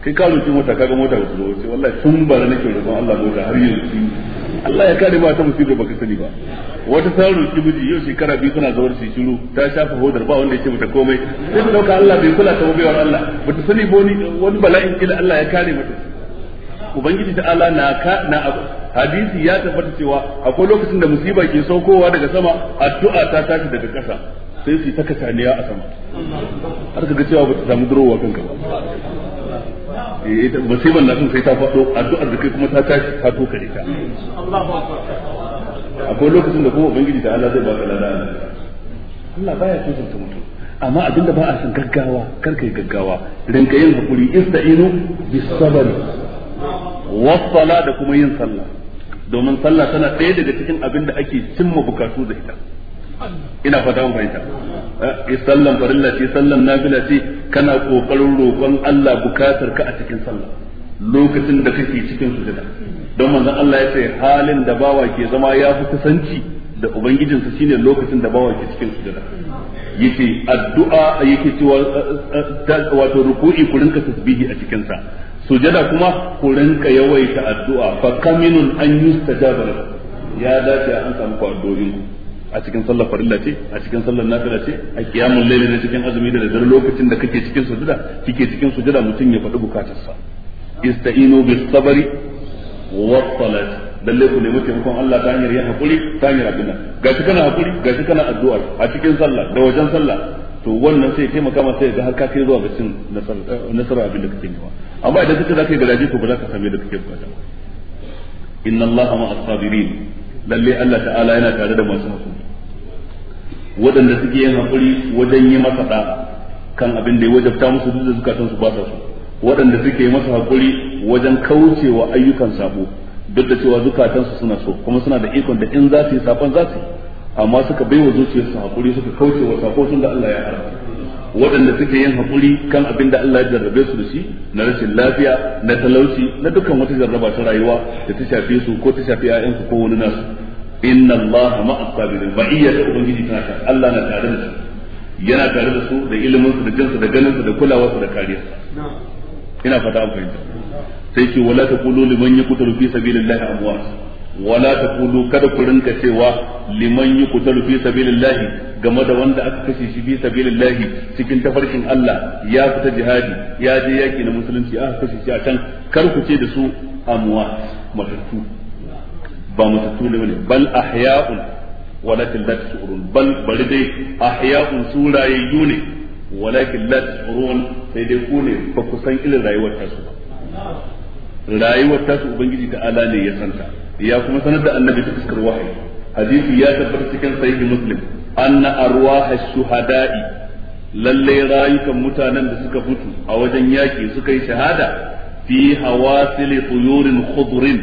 kai ka roƙi mota kaga mota ba su zo wallahi tun bara nake roƙon Allah mota har yanzu Allah ya kare ba ta musibar baka sani ba wata sarar roki miji yau shekara biyu tana zawar shi shiru ta shafa hodar ba wanda yake mata komai sai ta dauka Allah bai kula ta baiwar Allah ta sani boni wani wani bala'in kila Allah ya kare mata ubangiji ta Allah na ka na hadisi ya tabbata cewa akwai lokacin da musiba ke saukowa daga sama addu'a ta tashi daga ƙasa sai su ta kasaniya a sama har ka ga cewa ba ta samu durowa kanka ba Eh, masiban na kan sai ta faɗo addu'ar da kai kuma ta tashi ta to kare ta akwai lokacin da kuma ubangiji da Allah zai baka lada Allah baya kusurta mutum amma abin da ba a san gaggawa kar yi gaggawa rinka yin hakuri ista'inu bis sabr wasala da kuma yin sallah domin sallah tana ɗaya daga cikin abin da ake cimma bukatu da ita ina fata mun fahimta eh, sallan farilla ce sallan nafila ce kana kokarin roƙon Allah bukatar ka a cikin sallah lokacin da kake cikin sujada don manzon Allah ya ce halin da bawa ke zama ya fi kusanci da ubangijinsa shine lokacin da bawa ke cikin sujada yake addu'a yake cewa eh, eh, wato ruku'i ku rinka tasbihi a cikin sa sujada kuma ku rinka yawaita addu'a fa kaminun an yustajaba ya dace an samu ku addu'o'in a cikin sallar farilla ce a cikin sallar nafila ce a kiyamul layli ne cikin azumi da daddare lokacin da kake cikin sujada kike cikin sujada mutum ya faɗi bukatarsa ista'inu bis sabri wa salat lalle ku nemi taimakon Allah ta hanyar yin hakuri ta hanyar Ga gashi kana hakuri gashi kana addu'a a cikin sallah da wajen sallah to wannan sai taimaka masa ya ga har ka kai zuwa ga cin nasara eh, abin da kake yi. amma idan kace zaka yi garaje to ba za ka same da kake bukata inna allaha ma'as sabirin lalle Allah ta'ala yana tare da masu hakuri waɗanda suke yin hakuri wajen yi masa da kan abin da ya wajabta musu duk da suka san su ba su waɗanda suke yi masa hakuri wajen kaucewa ayyukan sabo duk da cewa zukatansu suna so kuma suna da ikon da in za su yi safon za su yi amma suka bai wa zuciyarsu hakuri suka kaucewa wa sako tun da Allah ya haramta waɗanda suke yin haƙuri kan abin da Allah ya jarrabe su da shi na rashin lafiya na talauci na dukkan wata jarraba ta rayuwa da ta shafe su ko ta shafi ƴaƴansu ko wani nasu inna Allah ma sabirin ba iya da ubangiji tana ta Allah na tare da su yana tare da su da ilimin su da jinsu da ganin su da kulawar su da kariyar ina fata an fahimta sai ce wala taqulu liman yaqtulu fi sabilillahi amwat wala taqulu kada ku rinka cewa liman yuqtalu fi sabilillahi game da wanda aka kashe shi fi cikin tafarkin Allah ya fita jihadi ya je yaki na musulunci aka kashe a can kar ku ce da su amwa matattu ba matattu ne bane bal ahya'un walakin la tashurun bal bari dai ahya'un sai dai ku ne ba ku san irin rayuwar su ba rayuwar tasu ubangiji ta ala ne ya santa ya kuma sanar da annabi ta fuskar wahayi hadisi ya tabbata cikin sahihi muslim anna arwaha shuhada'i lalle rayukan mutanen da suka mutu a wajen yaki suka yi shahada fi hawasili tuyurin khudrin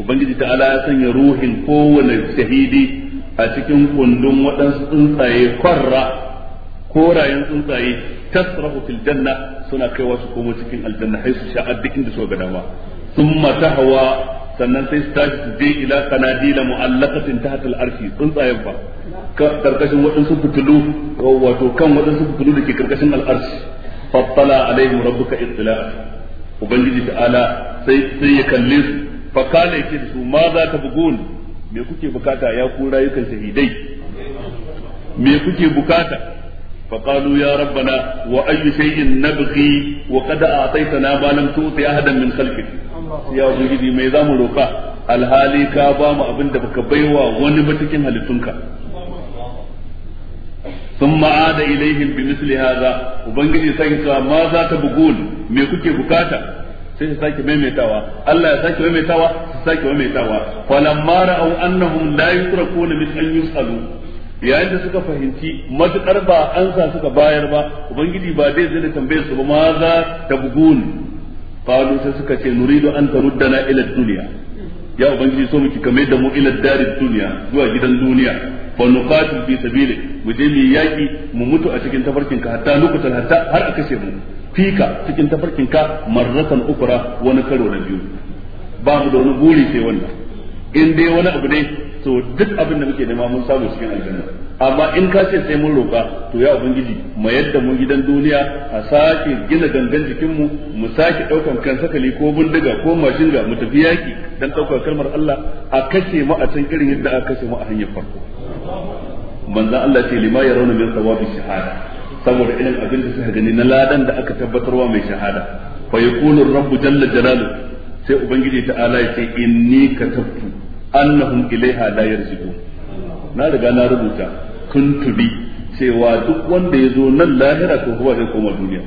ubangiji ta ala ya sanya ruhin kowane shahidi a cikin kundin waɗansu tsuntsaye kwarra korayen tsuntsaye tasrahu fil janna suna kaiwa su komo cikin aljanna haisu sha'ar duk inda so ga dama thumma tahwa sannan sai su tashi su je ila qanadila mu'allaqatin tahta al-arshi tsuntsayen fa karkashin waɗansu fitilu wato kan waɗansu fitilu da ke karkashin al-arshi fattala alaihim rabbuka ittila ubangiji ta'ala sai sai ya kalle su fa kana yake da su ma za ta bugun me kuke bukata ya ku rayukan shahidai me kuke bukata فقالوا يا ربنا وأي شيء نبغي وقد أعطيتنا ما لم تؤت أحدا min خلقك ya ubangiji mai za mu roka alhali ka ba mu abin da baka baiwa wani matakin halittunka. sun ba cikin halittunka ثم عاد ubangiji sai ka ma za ta bugun me kuke bukata sai su sake maimaitawa Allah ya sake maimaitawa su sake maimaitawa falamma ra'aw annahum la na min an yusalu yayin da suka fahimci matukar ba an sa suka bayar ba ubangiji ba zai zai tambaye su ba ma za ta bugun falu sai suka ce nuridu an taruddana ila dunya ya ubangiji so muke kame da mu ila darid duniya zuwa gidan duniya fa nuqatil fi sabili mu je mu yaki mu mutu a cikin tafarkin ka hatta lokutan hatta har a kashe mu fika cikin tafarkin ka marratan ukra wani karo na biyu ba mu da wani buri sai wannan in dai wani abu ne to duk abin da muke nema mun samu cikin aljanna amma in ka ce sai mun roƙa to ya ubangiji mu yadda mu gidan duniya a sake gina gangan jikin mu mu sake daukan sakali ko bindiga ko mashinga mu tafi yaki dan daukar kalmar Allah a kashe mu a can irin yadda aka kashe mu a hanyar farko manzo Allah ce lima yarawna min thawabi shahada saboda irin abin da suka gani na ladan da aka tabbatarwa mai shahada fa yaqulu rabbu jalla jalalu sai ubangiji ta'ala ya ce inni katabtu annahum ilaiha la yarji'un na riga na rubuta kuntubi cewa duk wanda ya zo nan lahira ko kuma zai koma duniya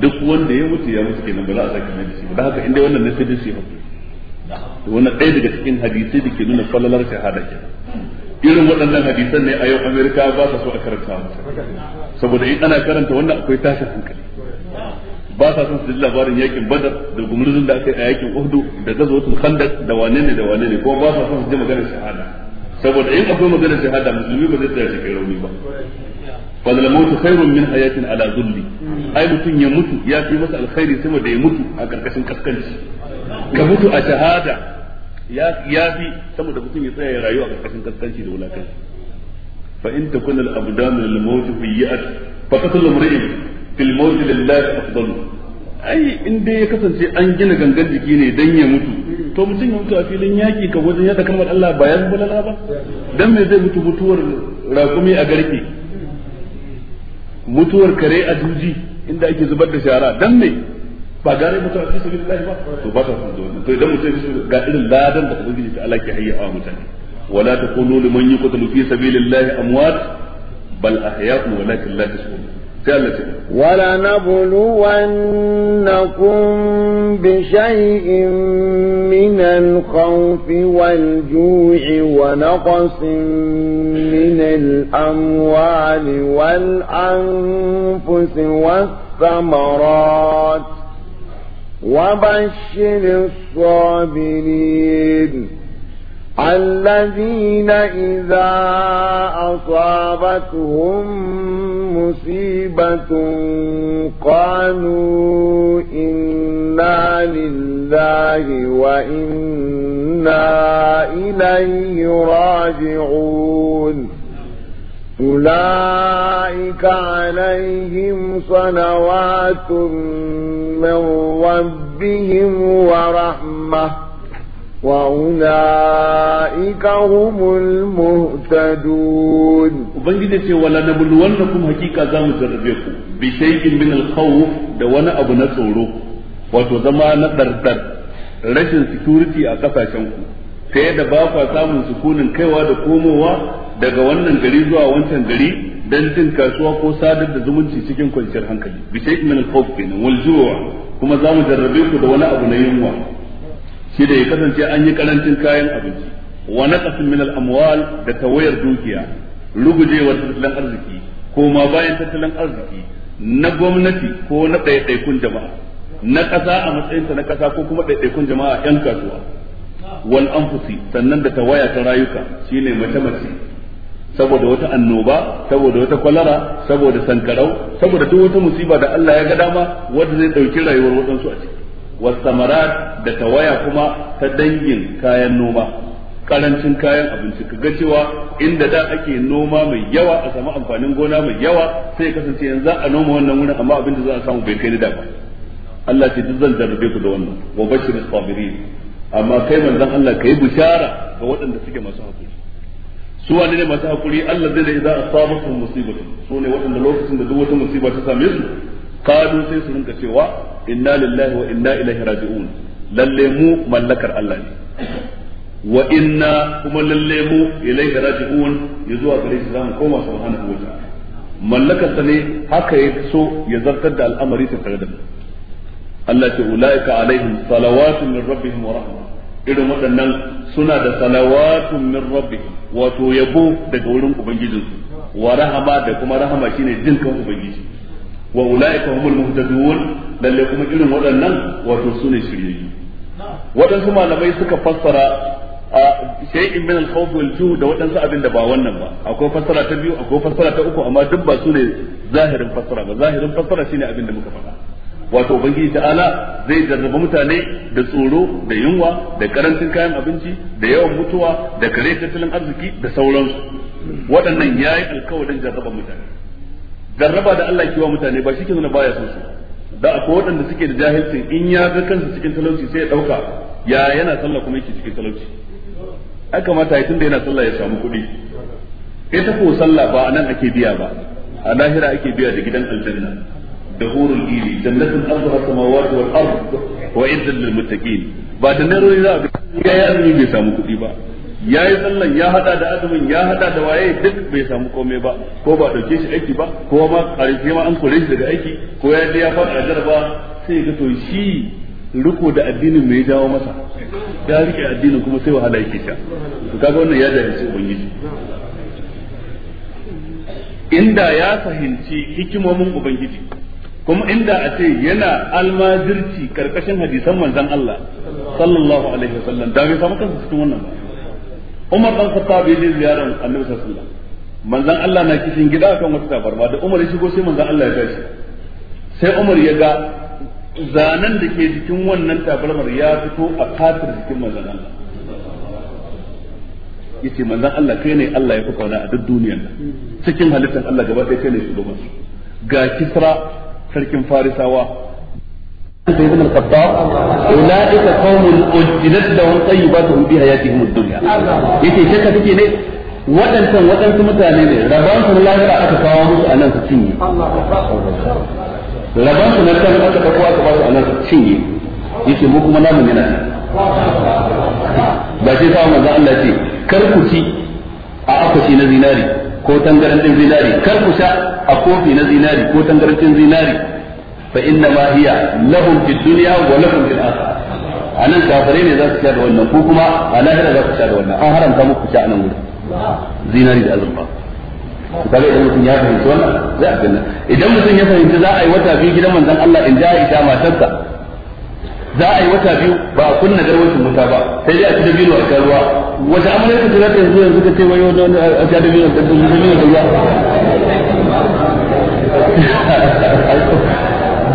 duk wanda ya mutu ya mutu kenan ba za a saki mai shi ba haka inda wannan ne sai shi hakuri wannan ɗaya daga cikin hadisai da ke nuna falalar shahada kenan irin waɗannan hadisan ne a yau Amerika ba su so a karanta saboda in ana karanta wannan akwai tashin hankali ba sa son su ji labarin yakin badar da gumurzun da aka yi a yakin uhdu da gazawatul khandaq da wane ne da wane ne kuma ba sa son su ji maganar shahada saboda in akwai maganar shahada musulmi ba zai tsaya cikin rauni ba fadal mautu khairun min hayatin ala zulli ai mutum ya mutu ya fi masa alkhairi sama da ya mutu a karkashin kaskanci ka mutu a shahada ya ya fi sama da mutum ya tsaya ya rayu a karkashin kaskanci da wulakanci fa in takun al abdan lil mautu fiyat fa qatl al fil mawti lillahi afdalu ai in dai ya kasance an gina gangan jiki ne dan ya mutu to mutum ya mutu a filin yaki ka wajen yadda kalmar Allah ba ya zama ba dan me zai mutu mutuwar rakumi a garke mutuwar kare a duji inda ake zubar da shara dan me ba gare mutu a cikin lillahi ba to ba ka san dole to idan mutum ga irin ladan da ubangiji ta Allah ke hayya wa mutane wala taqulu liman yuqtalu fi sabilillahi amwat bal ahya'un walakin la tashkurun ولنبلونكم بشيء من الخوف والجوع ونقص من الأموال والأنفس والثمرات وبشر الصابرين الذين إذا أصابتهم مصيبة قالوا إنا لله وإنا إليه راجعون أولئك عليهم صلوات من ربهم ورحمه وأولئك هم المهتدون وبنجد سي ولا نبلونكم حقيقة زام جربيكم بشيء من الخوف دوانا أبو نصورو wato zama na ɗarɗar rashin security a ƙasashenku ta da ba kwa samun sukunin kaiwa da komowa daga wannan gari zuwa wancan gari don jin kasuwa ko sadar da zumunci cikin kwanciyar hankali bi sai min al-khawf kenan wal kuma za mu jarrabe ku da wani abu na yunwa shi da ya kasance an yi karancin kayan abinci wa naqasin min al-amwal da tawayar dukiya rugujewar tattalin arziki ko ma bayan tattalin arziki na gwamnati ko na ɗaiɗaikun jama'a na ƙasa a matsayinta na ƙasa ko kuma ɗaiɗaikun jama'a 'yan kasuwa wal anfusi sannan da tawaya ta rayuka shine mace mace saboda wata annoba saboda wata kwalara saboda sankarau saboda duk wata musiba da Allah ya ga dama wanda zai ɗauki rayuwar waɗansu a ciki wasamarat da tawaya kuma ta dangin kayan noma karancin kayan abinci ga cewa inda da ake noma mai yawa a samu amfanin gona mai yawa sai kasance yanzu a noma wannan wurin amma abin da za a samu bai kai da ba Allah ce duk zan jarrabe ku da wannan wa bashir sabirin amma kai manzon Allah kai bishara ga waɗanda suke masu hakuri su wane ne masu hakuri Allah zai da idan asabatu musibatu su ne waɗanda lokacin da duk wata musiba ta same su Kadu sai su rinka cewa inna lillahi wa inna ilaihi raji'un lalle mu mallakar Allah ne wa inna kuma lalle mu ilaihi raji'un zuwa gare shi zamu koma subhanahu wa ta'ala mallakar sa ne haka ya so ya zartar da al'amari ta tare da mu Allah ce ulaika alaihim salawatun min rabbihim wa rahmah irin waɗannan suna da salawatun min rabbihim wato yabo daga wurin ubangijinsu wa rahama da kuma rahama shine jin kan ubangiji wa ulaika humul muhtadun lalle kuma irin waɗannan wato ne shiryayyu waɗansu malamai suka fassara a shay'in min al-khawf wal da waɗansu abin da ba wannan ba akwai fassara ta biyu akwai fassara ta uku amma duk ba su ne zahirin fassara ba zahirin fassara shine abin da muka faɗa wato ubangiji ta'ala zai jarraba mutane da tsoro da yunwa da karancin kayan abinci da yawan mutuwa da kare tattalin arziki da sauransu waɗannan yayi alkawarin jarraba mutane jarraba da Allah kiwa mutane ba shi ke zuna baya son su da akwai waɗanda suke da jahilci in ya ga kansa cikin talauci sai ya ɗauka ya yana sallah kuma yake cikin talauci ai kamata ya tunda yana sallah ya samu kuɗi ita ko sallah ba anan ake biya ba a lahira ake biya da gidan aljanna da hurul ili jannatin arduha samawati wal ard wa idzal lil muttaqin ba da narori za a ga ya bai samu kuɗi ba ya yi sallan ya hada da azumin ya hada da waye duk bai samu komai ba ko ba dauke shi aiki ba ko ma karshe ma an kore shi daga aiki ko ya je ya fara jarba sai ga to shi riko da addinin mai jawo masa ya rike addinin kuma sai wahala yake sha to kaga wannan ya jarice ubangiji inda ya fahimci hikimomin ubangiji kuma inda a ce yana almajirci karkashin hadisan manzon Allah sallallahu alaihi wasallam da bai samu kansa cikin wannan Umar dan Khattab ya je ziyarar Annabi sallallahu alaihi wasallam manzon Allah na kishin gida akan wata tabarma da Umar ya shigo sai manzon Allah ya tashi sai Umar ya ga zanen da ke jikin wannan tabarmar ya fito a fatar jikin manzon Allah yace manzon Allah kai ne Allah ya fi kauna a duk duniyar nan cikin halittar Allah gaba ɗaya kai ne shugaban ga Kisra sarkin Farisawa ابن الخطاب اولئك قوم اجلت لهم طيباتهم في حياتهم الدنيا yace shakka take ne waɗancan waɗansu mutane ne rabon su lahira aka kawo musu a nan cinye rabon su na kan aka kawo aka basu a nan su cinye yace mu kuma namun yana ne ba sai kawo manzo Allah ce kar ku ci a akwashi na zinari ko tangarantin zinari kar ku sha a kofi na zinari ko tangarantin zinari fa inna ma hiya lahum fid dunya wa lakum ne za su sha wannan ko kuma a lahira za su sha wannan an haramta zinari da azurfa kaga idan mutum ya fahimci wannan zai a janna idan mutum ya fahimci za a yi wata biyu gidan manzon Allah in ja Aisha matarsa za a yi wata biyu ba a kunna garwacin wuta ba sai dai a ci dabino a ruwa wata amurka ta zata yanzu yanzu ka ce wai wani a sha dabino da ruwa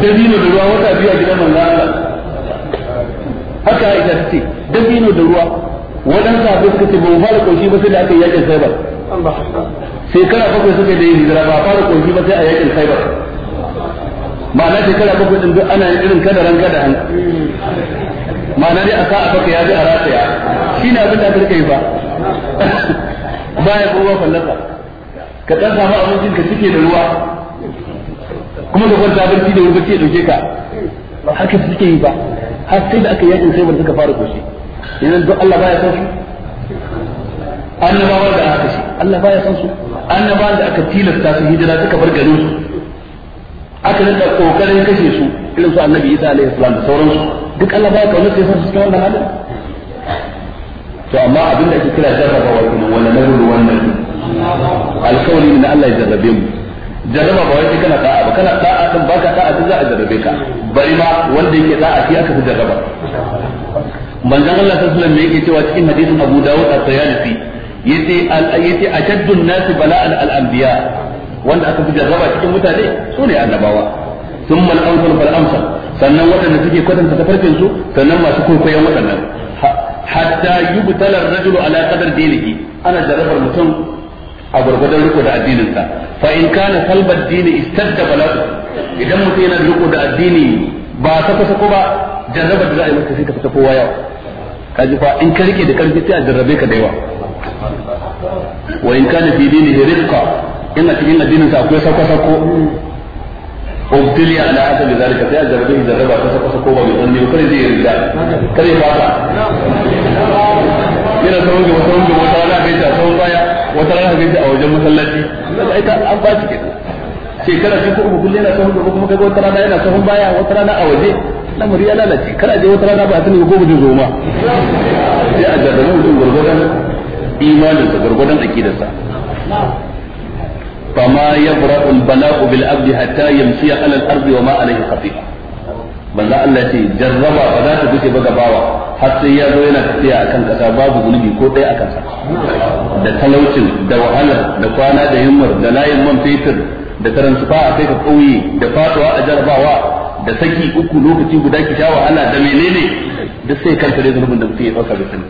dabino da ruwa wata biyu a gidan manzo Allah haka ita ce dabino da ruwa wadan sahabbai suka ce ba mu fara koshi ba sai da aka yi yakin Khaibar shekara bakwai suka da yin hijira ba fara koshi ba sai a yakin Khaibar ma'ana shekara bakwai din duk ana yin irin kadaran kadaran ma'ana dai a sa a baka ya ji a rataya shi na abin da aka yi ba baya kuma fallasa ka dan samu abincin ka cike da ruwa kuma ka kwanta barci da wurbaci ya dauke ka ba haka suke yi ba har sai da aka yi yakin khaybar suka fara koshi yanzu duk Allah baya san su annabawa da aka ce Allah baya san su annabawa da aka tilasta su hijira suka bar garin su aka rinka kokarin kashe su irin su annabi Isa alaihi salam da sauransu duk Allah baya kaunar sai san su cikin wannan halin to amma abin da ake kira jarrabawa kuma wala nabulu wannan alƙawari ne da Allah ya jarrabe mu jarraba ba wai kana da'a ba kana da'a kan baka da'a duk za a jarrabe ka bari ma wanda yake da'a shi aka fi jarraba manzon Allah sallallahu alaihi wasallam ne yake cewa cikin hadisin Abu Dawud at-Tayalisi yace yace ashaddu an-nasi bala'an al-anbiya wanda aka fi jarraba cikin mutane su ne annabawa thumma al-amsal fal amsal sannan waɗanda suke kwatanta ta tafarkin su sannan masu kwaikwayon waɗannan hatta yubtala ar-rajulu ala qadar dinihi ana jarrabar mutum a gurgurdan riko da addininsa. fa in kana salbad dini istadda balatu idan mutum yana riko da addini ba ta kusa ko ba jarraba da za a yi maka sai ka fita kowa yawa kaji fa in ka rike da karfi sai a jarrabe ka da yawa wa in kana fi dinihi rifqa in a cikin addinin sa akwai sako sako ubtiliya ala hasabi zalika sai a jarrabe shi jarraba ta sako sako ba mai tsanani ba kare zai yi yarda kare fata yana sauran gaba sauran gaba wata rana bai ta wata rana ga shi a wajen masallaci Allah ai an ba shi kenan shekara biyu uku kullum yana sahun gaba kuma kaga wata rana yana sahun baya wata rana a waje lamari ya lalace kana je wata rana ba a sani gobe zai zo ma sai a jarrabe mutum gurgurdan imanin sa gurgurdan akidar sa فما يبرأ البلاء بالعبد حتى يمشي على الأرض وما عليه خطيئة manzo Allah ce jarraba ba za ta fice ba gabawa har sai ya zo yana tafiya akan kasa babu gulbi ko ɗaya akan sa da talaucin da wahalar da kwana da himmar da layin man fetur da taransufa a kai ka ƙauye da fatuwa a jarabawa, da saki uku lokaci guda ki sha wahala da menene duk sai kanta dai zulubin da mutum ya ɗauka bai sani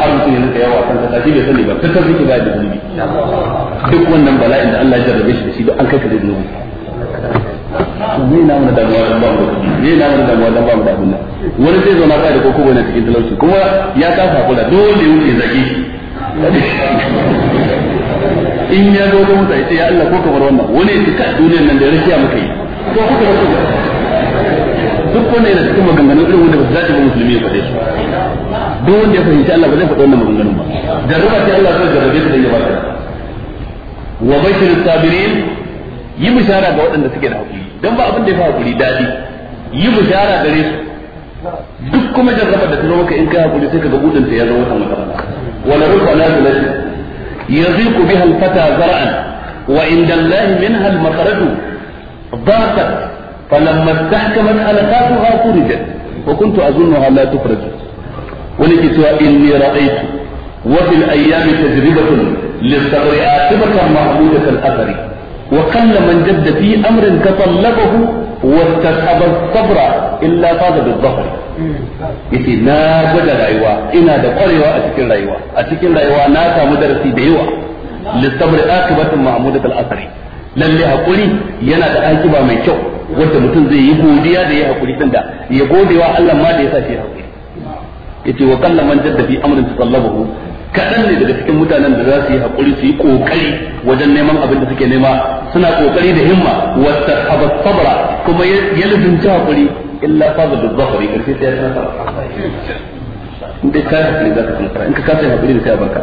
har mutum ya nuka yawa kan kasa shi bai sani ba fitar zuki ba da zulubi duk wannan bala'in da Allah ya jarrabe shi da shi duk an kai ka dai zai na mana damuwa dan ba mu zai na mana damuwa dan ba mu da abin a wani zai zauna ba da koko wani cikin talauci kuma ya kasa kula dole wuce zaki in ya zo ga mutane sai ya Allah ko kamar wannan wani ya tuka duniyar nan da rakiya muka yi to kuka rasu duk wannan yana cikin maganganun irin wanda ba za ta ba musulmi ya faɗe su duk wanda ya fahimci Allah ba zai faɗi wannan maganganun ba jarraba ce Allah zai jarrabe ka da ya wa bashir sabirin yi bishara ga waɗanda suke da hakuri dan ba abin da ya fi hakuri dadi yi bishara gare su duk kuma jarrabar da ta zo maka in ka hakuri sai ka ga budin ya zama wata matsala wala rufa la zulati yaziqu biha al-fata zar'an wa inda Allah minha al-makhraj ضاقت فلما استحكمت حلقاتها فرجت وكنت اظنها لا تفرج ولك اني رايت وفي الايام تجربه للصبر عاقبه محموده الاثر وقل من جد في أمر تطلبه واستسحب الصبر إلا فاز بالظهر yace na gwada rayuwa ina da kwarewa a cikin rayuwa a cikin rayuwa na samu darasi da yawa lissabri akibatun mahmudat al Asari. lalle hakuri yana da akiba mai kyau wanda mutum zai yi godiya da ya hakuri din da ya godewa Allah ma da ya sa shi hakuri yace wa kalla man jadda fi amrin tasallabahu kaɗan ne daga cikin mutanen da za su yi haƙuri su yi ƙoƙari wajen neman abin da suke nema suna ƙoƙari da himma wata haɓar sabara kuma ya lizinci haƙuri illa fazar da zafari ƙarfi sai ya yi nasara in dai kayan haƙuri za ka ci nasara in ka kasa haƙuri da sai a banka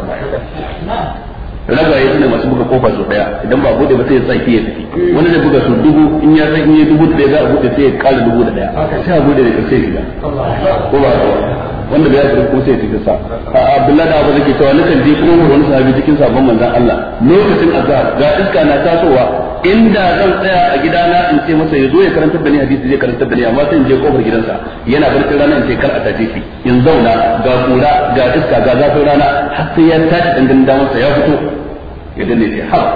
suna masu buga kofa su daya idan ba bude ba sai ya tsaki ya tafi wani zai buga su dubu in ya san in yi dubu da ya za a bude sai ya kara dubu da daya sai a bude da sai shiga ko ba wanda ya fi kuma sai cikin sa a abdullahi da abu zake cewa nakan je kuma wani sahabi cikin sabon manzon Allah lokacin azhar ga iska na tasowa inda zan tsaya a gidana in ce masa ya zo ya karanta da ni hadisi zai karanta da ni amma sai in je kofar gidansa yana barkin rana in ce kar a taje shi in zauna ga kura ga iska ga zafin rana har sai ya tashi dan gidan sa ya fito ya danne ce har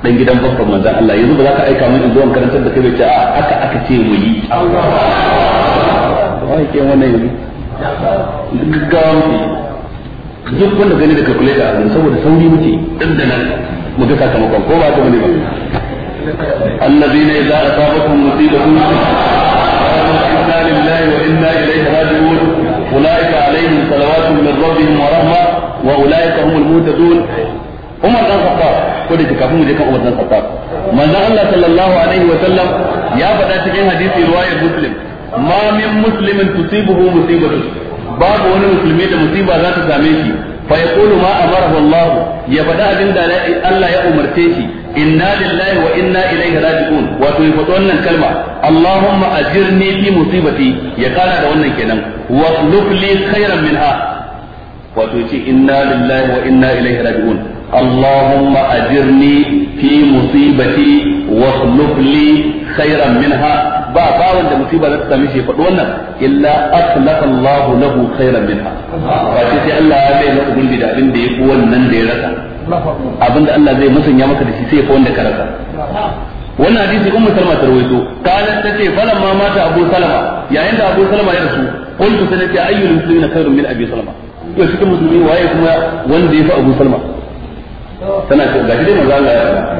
dan gidan babban manzon Allah yanzu ba za ka aika min in zo in da kai bai ce a aka aka ce mu yi Allah wai ke wannan yanzu gaggawa muke duk wanda gani da calculator a saboda sauri muke dandanan mu ga sakamakon ko ba ta bane ba الذين إذا أصابتهم wa إنا لله وإنا إليه راجعون أولئك عليهم صلوات من ربهم ورحمة وأولئك هم المهتدون Umar dan Khattab ko da kafin mu je kan Umar dan Khattab manzon Allah sallallahu alaihi wa sallam ya faɗa cikin hadisi riwayar Muslim ma min muslimin tusibuhu musibatu babu wani musulmi da musiba za ta same shi fa yaqulu ma amarahu Allah ya bada abin da Allah ya umarce shi inna lillahi wa inna ilaihi raji'un wato ya faɗi wannan kalma Allahumma ajirni fi musibati ya kara da wannan kenan wa khairan minha wato ce inna lillahi wa inna اللهم أجرني في مصيبتي واخلق لي خيرا منها ba bawan da musiba za ta sami shi faɗi wannan illa aslafa Allahu lahu khairan minha ba sai sai Allah ya bayyana ubangiji da abin da ya fi wannan da ya rasa abin da Allah zai musanya maka da shi sai ya fi wanda ka rasa wannan hadisi ummu salma ta rawaito qalat tace falamma mata abu salama yayin da abu salama ya rasu qultu sanati ayyul muslimina khairun min abi salama yau cikin musulmi waye kuma wanda ya fi abu salma tana ce ga shi dai manzo Allah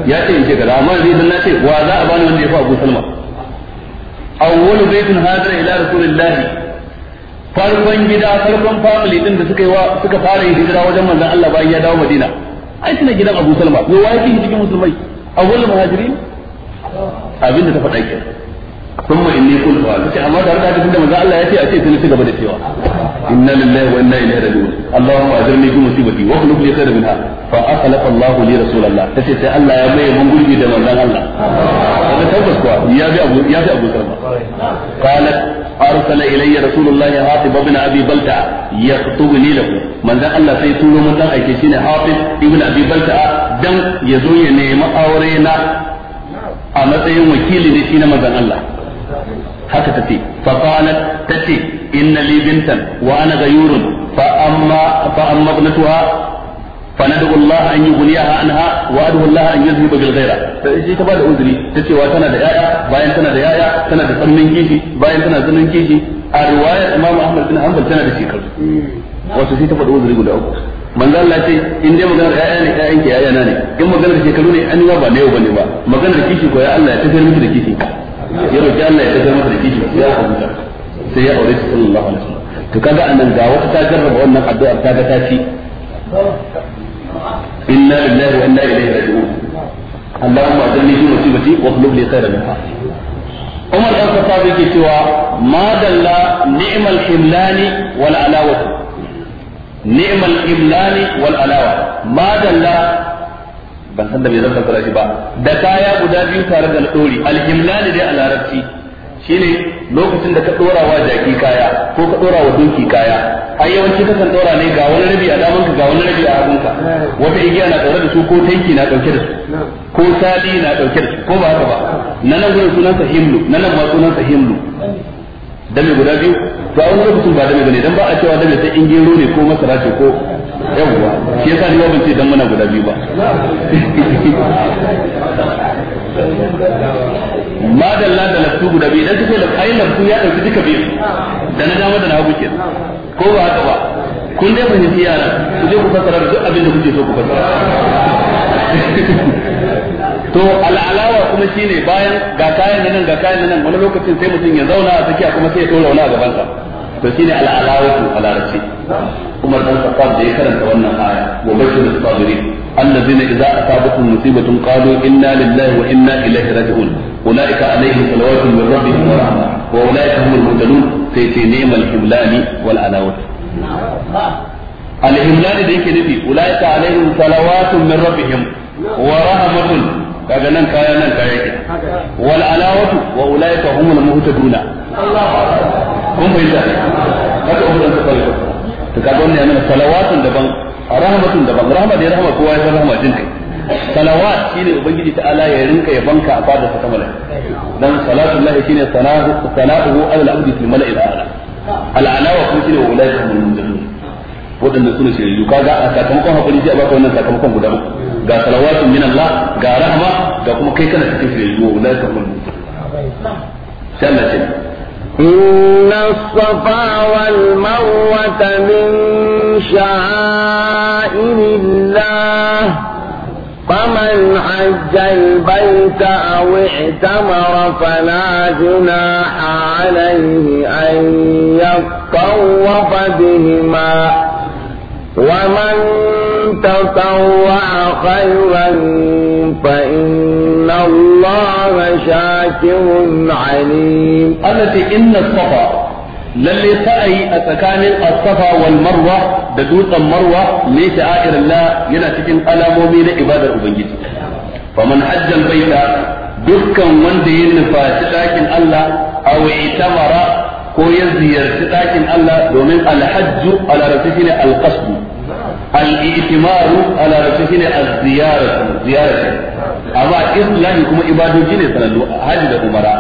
ya ce in ce kaza amma zai dan na ce wa za a bani wanda ya fi abu salma awwal baitin hadara ila rasulillahi farkon gida farkon family din da suka yi wa suka fara yin hijira wajen manzon Allah bayan ya dawo Madina ai tana gidan Abu Salma ko wai cikin musulmai awwal muhajirin abinda ta faɗa kenan ثم إني قلت هذا أما دار ذلك عندما قال الله يأتي أتي سنسي قبل السواء إنا لله وإنا إليه راجعون اللهم أجرني في مصيبتي واخلف لي خير منها فأخلف الله لي رسول الله تسي سي الله يا مي من قلبي دم الله الله هذا تبس يا بي أبو يا بي أبو سلمة قالت أرسل إلي رسول الله حاطب بن أبي بلتع يخطب لي له من ذا الله سيطول من ذا أيكيشين حاطب ابن أبي بلتع دم يزوي نيم أورينا a matsayin wakili ne shi na mazan Allah haka ta ce fa qalat ta ce inna li bintan wa ana gayurun fa amma fa amma ibnatuha fa nad'u Allah an yughniyaha anha wa ad'u Allah an yuzhiba bil ghaira sai ji ta bada uzuri tace wa tana da yaya bayan tana da yaya tana da sannan kishi bayan tana zanin kishi a riwayar Imam Ahmad bin Hanbal tana da shekaru wato sai ta bada uzuri guda uku manzo Allah ce in dai magana ya'ya ne ya'yan ki na ne in da shekaru ne an yi ba ne yau bane ba da kishi ko ya Allah ya tafi miki da kishi ya roki Allah ya tafi masa da kishi ya hukunta sai ya aure shi sallallahu alaihi wasallam to kaga annan ga wata ta jarraba wannan addu'ar ta ga ta ci inna lillahi wa inna ilaihi raji'un اللهم اجرني في مصيبتي واطلب لي خيرا منها عمر بن الخطاب يكي سوى ما دل نعم الحملان والعلاوة نعم الحملان alawa ma دل ban san da me zan fassara shi ba da kaya guda biyu tare da dori alhimlali dai a larabci shine lokacin da ka dora wa jaki kaya ko ka dora wa doki kaya ai yawanci ka san dora ne ga wani rabi a damanka ga wani rabi a hagunka wata igiya na daure da su ko tanki na dauke da su ko sali na dauke da su ko ba haka ba nan nan gurin sunan sa himlu nan ma sunan sa himlu dame guda biyu ga wani lokacin ba dame bane dan ba a cewa dame sai ingero ne ko masara ce ko yawwa shi yasa ni ban ce dan muna guda biyu ba ma dalla da laftu guda biyu dan suka ai laftu ya dauki duka biyu da na dama da na hagu kenan ko ba haka ba kun dai fahimci yara ku je ku fassara duk abin da kuke so ku fassara to al'alawa kuma shine bayan ga kayan nan ga kayan nan wani lokacin sai mutum ya zauna a tsakiya kuma sai ya dora wani a gaban sa to shine al'alawatu a larabci umar dan khattab da ya karanta wannan aya wa bashir as-sabirin allazina idza asabatuhum musibatun qalu inna lillahi wa inna ilaihi raji'un ulaika alaihim salawatu min rabbihim wa rahmah wa ulaika humul muhtadun sai sai ni'mal himlani wal alawat al-himlani da yake nufi ulaika alaihim salawatu min rabbihim wa rahmatun kaga nan kaya nan kaya wal alawatu wa ulaika humul muhtaduna Allah kun bai da haka umar ta fara to kaga wannan yana salawatun daban rahmatun daban rahma da rahma kowa ya san rahma jin kai salawat shine ubangiji ta ala ya rinka ya banka a fadar sa kamala dan salatullahi shine salatu salatuhu ala al-abdi fil mala'il a'la al-a'la wa kuma shine ulaiha min mujahidin wadanda suna shiryu kaga a sakamakon hakuri sai a baka wannan sakamakon guda uku ga salawatun min Allah ga rahma ga kuma kai kana cikin shiryu ulaiha min mujahidin sai Allah ya إن الصفا والمروة من شعائر الله فمن حج البيت أو اعتمر فلا جناح عليه أن يطوف بهما ومن تطوع خيرا فإن الله شاكر عليم التي إن الصفا للي سأي أتكان الصفا والمروة بدوت المروة ليس آخر الله ينتكن ألمومي لإبادة أبنجد فمن حج البيت دكا من دين فاسداكن الله أو اعتمر ko ya ziyarci ɗakin Allah domin alhajju a larabci shine alqasdu al-i'timaru ala rafihi ne az-ziyaratu ziyaratu amma islami kuma ibadoji ne sanallu haji da umara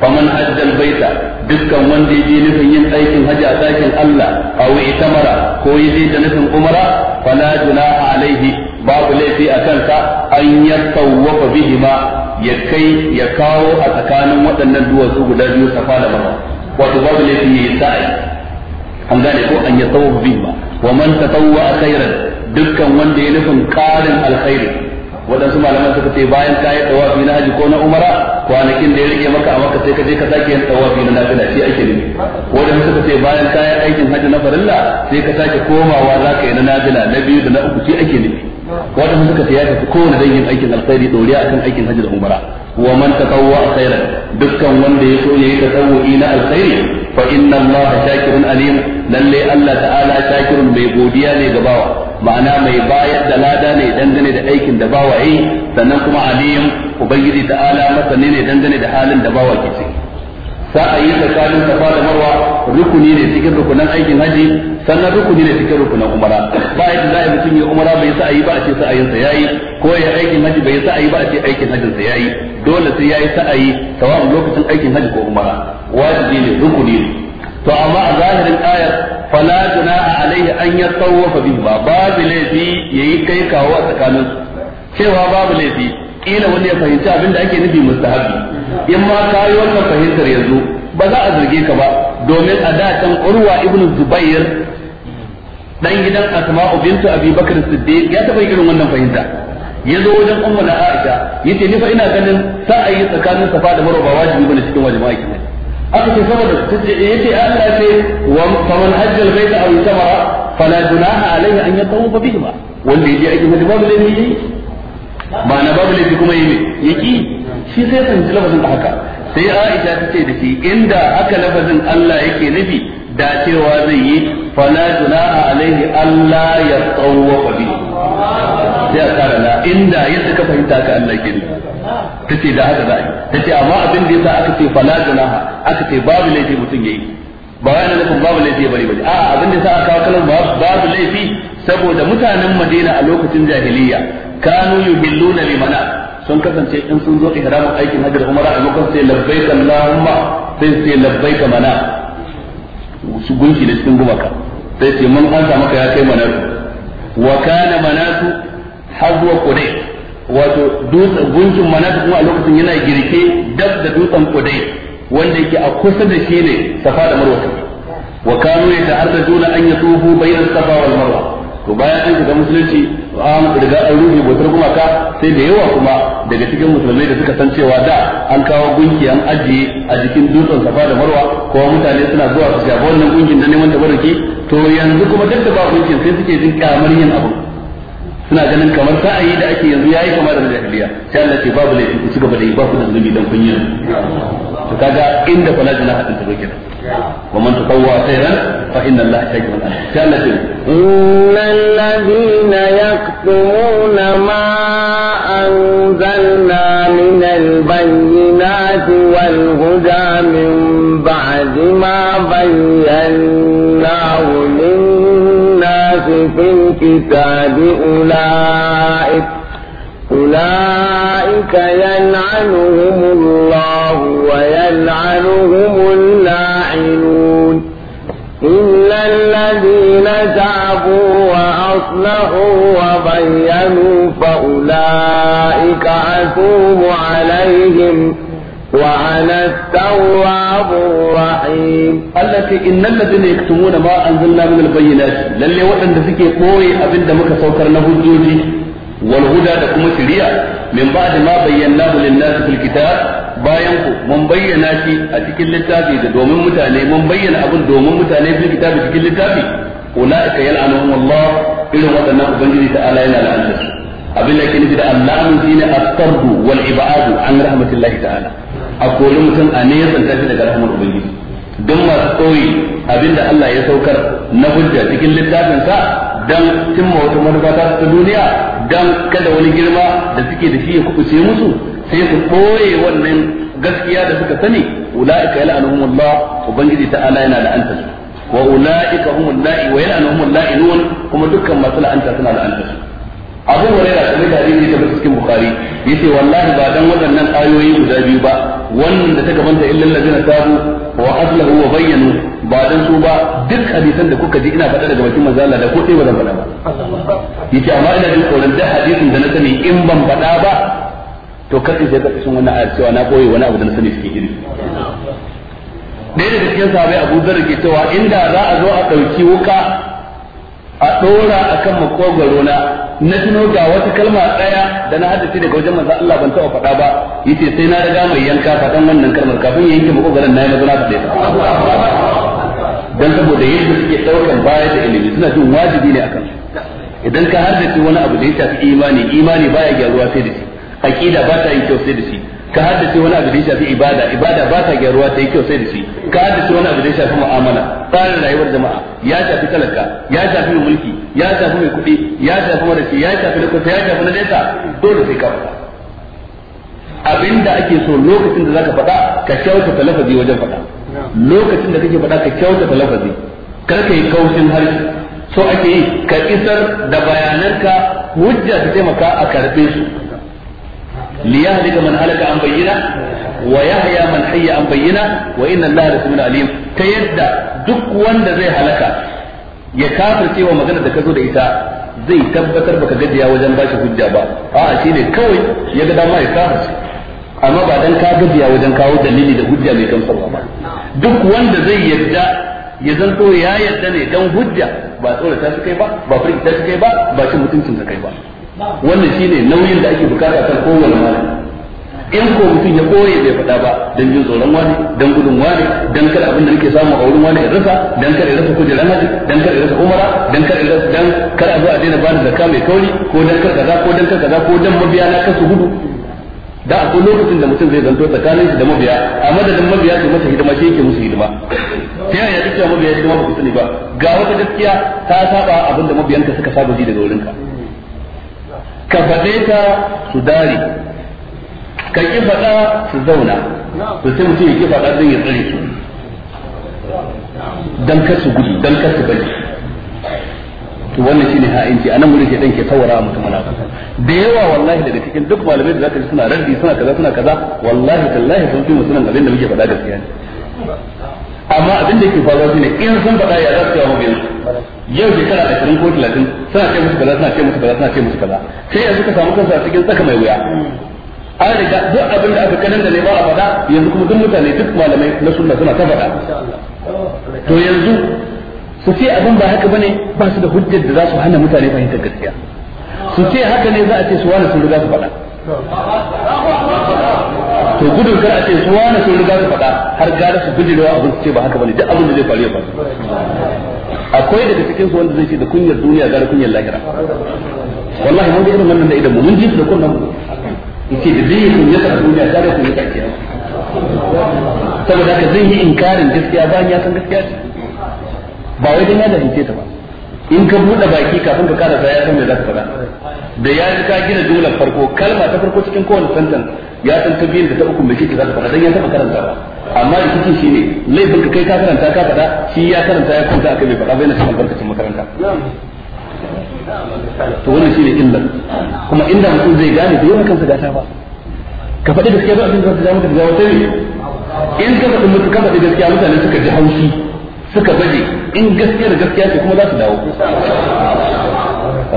faman hajjal baita dukkan wanda yake nufin yin aikin haji a sakin Allah a aw tamara ko yaje da nufin umara fala a alaihi babu laifi a kansa an yatawwafa ma ya kai ya kawo a tsakanin waɗannan duwatsu guda biyu safa da ba. wato babu laifi ne sa'i an gane ko an yatawwafa bihima wa man tatawwa khairan dukkan wanda ya nufin karin alkhairi wadansu malaman suka ce bayan yi tawafi na haji ko na umara kwanakin da ya rike maka a maka sai ka je ka sake yin tawafi na nafila shi ake nufi wadansu suka ce bayan yi aikin haji na farilla sai ka sake komawa za ka yi na nafila na biyu da na uku shi ake nufi wadanda suka ce ya tafi kowane dangin aikin alkhairi doriya akan aikin hajji da umara wa man tatawwa khairan dukkan wanda ya so yayi tatawwi na alkhairi fa inna Allah shakirun alim lalle Allah ta'ala shakirun mai godiya ne ga bawa ma'ana mai bayar da lada ne dangane da aikin da bawa yi sannan kuma alim ubangiji ta'ala masani ne dangane da halin da bawa ke sa'ayi tsakanin safa da marwa rukuni ne cikin rukunan aikin haji sannan rukuni ne cikin rukunan umara ba yadda za a mutum ya umara bai yi ba a ce sa'ayin sa yayi ko ya aikin haji bai sa a yi ba a ce aikin hajin sa yayi dole sai yayi yi, tawafin lokacin aikin haji ko umara wajibi ne rukuni ne to amma a zahirin ayar fala junaha alaihi an yatawafa bihi babu laifi yayi kai kawo a tsakanin cewa babu laifi kila wani ya fahimci abin da ake nufi mustahabi in ma ka yi wannan fahimtar yanzu ba za a zargi ka ba domin a da can urwa ibn zubair dan gidan asma'u bintu abi bakr siddiq ya taba irin wannan fahimta ya zo wajen ummu na aisha yace ni fa ina ganin yi tsakanin safa da marwa ba wajibi bane cikin wajibi ake aka ce saboda yace eh, Allah ce wa faman hajjal baita aw tamara fala junaha alayhi an yatawafa bihima wanda yaje aikin hajji babu yi? ba na babu laifi kuma yi ne yaki shi sai san ji lafazin da haka sai Aisha ta ce da shi inda aka lafazin Allah yake nufi da cewa zai yi fala junaha alaihi Allah ya tsawwa bi sai a kara na inda yadda ka fahimta ka Allah ke nufi ta ce da haka za a yi ta ce amma abin da sa aka ce fala junaha aka ce babu laifi mutum ya yi ba wai ana nufin babu laifi bari bari a'a abin da sa aka kawo kalmar babu laifi saboda mutanen Madina a lokacin jahiliya kanu yuhilluna limana sun kasance in sun zo ihramin aikin hajjar da umara a lokacin sai labbaika allahumma sai sai labbaika mana su gunki da cikin gumaka sai ce mun an maka ya kai manatu wa kana manatu hazwa qudai wato dutsen gunkin manatu kuma a lokacin yana girke dab da dutsen qudai wanda yake a kusa da shi ne safa da marwa wa kanu juna an yatufu bayan safa wal marwa to bayan an shiga musulunci an riga an botar kuma ka sai da yawa kuma daga cikin musulmai da suka san cewa da an kawo gunki an ajiye a jikin dutsen safa da marwa ko mutane suna zuwa su shafa wannan gunkin da neman tabarruki to yanzu kuma duk da ba gunkin sai suke jin kamar yin abu suna ganin kamar sa'a yi da ake yanzu yayi kamar da jahiliya sai Allah ce babu laifi ku cigaba da yi babu da zunubi dan kun to kaga inda fala jana hadin ta zoke wa man tatawwa khairan fa inna Allah shakirun alim sai Allah ce innal ladina yaktumuna ma anzalna min al-bayyinati wal huda min ba'di ma bayyana في الكتاب أولئك أولئك يلعنهم الله ويلعنهم اللاعنون إلا الذين تابوا وأصلحوا وبينوا فأولئك أتوب عليهم وأنا التواب الرحيم التي إن الذين يكتمون ما أنزلنا من البينات للي وحن دسكي قوي أبن دمك سوكر له الجوجي والهدى لكم سريع من بعد ما بيناه للناس في الكتاب mun bayyana shi a cikin littafi da domin mutane mun bayyana abin domin mutane kitabi cikin littafi ulaika yal'anuhum Allah irin waɗannan ubangiji ta yana la'anta abin da nufi da Allah shine as wal ibadu an rahmatillahi ta'ala a kori mutum a ne ya shi daga rahmar ubangiji don masu koyi abinda Allah ya saukar na hujja cikin littafin sa dan cimma wata manufa ta duniya don kada wani girma da suke da shi ya kubuce musu sai su koye wannan gaskiya da suka sani ulaika yal'anuhumullah ubangiji ta'ala yana la'anta su wa ulaika humul la'i wa yal'anuhumul la'inun kuma dukkan masu la'anta suna la'anta su abu huraira kamar da hadisi ta cikin bukhari yace wallahi ba dan waɗannan ayoyi guda biyu ba wannan da ta gabanta illal ladina tabu wa aslahu wa bayyanu ba dan su ba duk hadisan da kuka ji ina faɗa daga bakin manzo da ko sai ba zan faɗa ba yace amma ina jin tsoron da hadisin da na sani in ban faɗa ba to kace sai ka cikin wannan ayar cewa na koyi wani abu da na sani cikin iri ɗaya da cikin sahabai Abu Dharr ke cewa inda za a zo a ɗauki wuka a ɗora akan makogaro na na tuno ga wata kalma daya da na haddace daga wajen manzo Allah ban taɓa faɗa ba yace sai na riga mai yanka dan wannan kalmar kafin ya yanke makogaran na yi mazana faɗe dan saboda yadda suke daukan baya da ilimi suna jin wajibi ne akan su idan ka haddace wani abu da ya shafi imani imani baya gyaruwa sai da shi aqida ba ta yin kyau sai da shi ka haddace wani abu da ya shafi ibada ibada ba ta gyaruwa ta yi kyau sai da shi ka haddace wani abu da ya shafi mu'amala tsarin rayuwar jama'a ya shafi talaka ya shafi mai mulki ya shafi mai kuɗi ya shafi marashi ya shafi na kusa ya shafi na nesa dole sai ka faɗa abinda ake so lokacin da zaka faɗa ka kyautata lafazi wajen faɗa lokacin da kake faɗa ka kyautata lafazi kar ka yi kaushin harshe so ake yi ka isar da bayanarka hujja ta taimaka a karɓe su liyahlika man halaka an bayyana wa yahya man hayya an bayyana wa inna allaha lasamiyun alim ta yadda duk wanda zai halaka ya kafirce wa magana da ka zo da ita zai tabbatar baka gajiya wajen ba shi hujja ba a'a shine kawai ya ga dama ya kafirce amma ba dan ka gajiya wajen kawo dalili da hujja mai gamsarwa ba duk wanda zai yadda ya zanto ya yarda ne dan hujja ba tsorata su kai ba ba firgita su kai ba ba cin mutuncin su kai ba wannan shine nauyin da ake bukata kan kowane malami in ko mutum ya koye bai faɗa ba don jin tsoron wani don gudun wani dan kada abin da nake samu a wurin wani in rasa dan kada ya rasa kujera haji dan kada ya rasa umara dan kada ya rasa don kada zuwa a daina bani da kame kauri ko dan kada kaza ko dan kada kaza ko don mabiya na kasu gudu da akwai lokacin da mutum zai zanto tsakanin shi da mabiya a madadin mabiya su masa hidima shi yake musu hidima ta yaya duk mabiya hidima ba ku sani ba ga wata gaskiya ta saba abin da mabiyanka suka saba ji daga wurinka ka faɗe ta su dare ka ki faɗa su zauna to sai mutum ya ki faɗa don ya tsare su dan kar su gudu dan kar su bari to wannan shine ha'inci anan gurin sai dan ke tawara mutum mana da yawa wallahi daga cikin duk malamai da zaka ji suna raddi suna kaza suna kaza wallahi tallahi sun fi musulun abinda muke faɗa gaskiya ne amma abin da ke faruwa shine in sun faɗa ya za su yawa mabiyansu yau shekara ashirin ko talatin suna ce musu kaza suna ce musu kaza suna ce musu kaza sai yanzu ka samu kansa cikin tsaka mai wuya an riga duk abin da aka kanan da ne ba a faɗa yanzu kuma duk mutane duk malamai na sunna suna ta faɗa to yanzu su ce abin ba haka bane ba su da hujjar da za su hana mutane fahimtar gaskiya su ce haka ne za a ce su wani sun riga su faɗa to gudun kar a ce su wani sun riga su faɗa har gara su gujewa abin su ce ba haka bane duk abin da zai faru ya faru akwai daga cikin su wanda zai ce da kunyar duniya gara kunyar lahira wallahi mun ga irin wannan da idan mu mun ji da kunnan mu yace da zai kunya ta duniya gara kunyar lahira saboda haka zai yi inkarin gaskiya bayan ya san gaskiya ba wai dan ya da ta ba in ka buɗe baki kafin ka karasa ya san me za ka faɗa da ya ji ka gina jumlar farko kalma ta farko cikin kowane sentence ya san ta biyun da ta uku me kike za ka faɗa dan ya taɓa karanta ba amma shi ne laifin ka kai ka karanta ka faɗa shi ya karanta ya kwanta akai mai faɗa bai na cikin albarkacin makaranta to wannan ne illa kuma inda mutum zai gane da yawan kansa gata ba ka faɗi gaskiya ba abin da za ka zama maka da gawa sai in ka faɗi mutum ka faɗi gaskiya mutane suka ji haushi suka baje in da gaskiya ce kuma za su dawo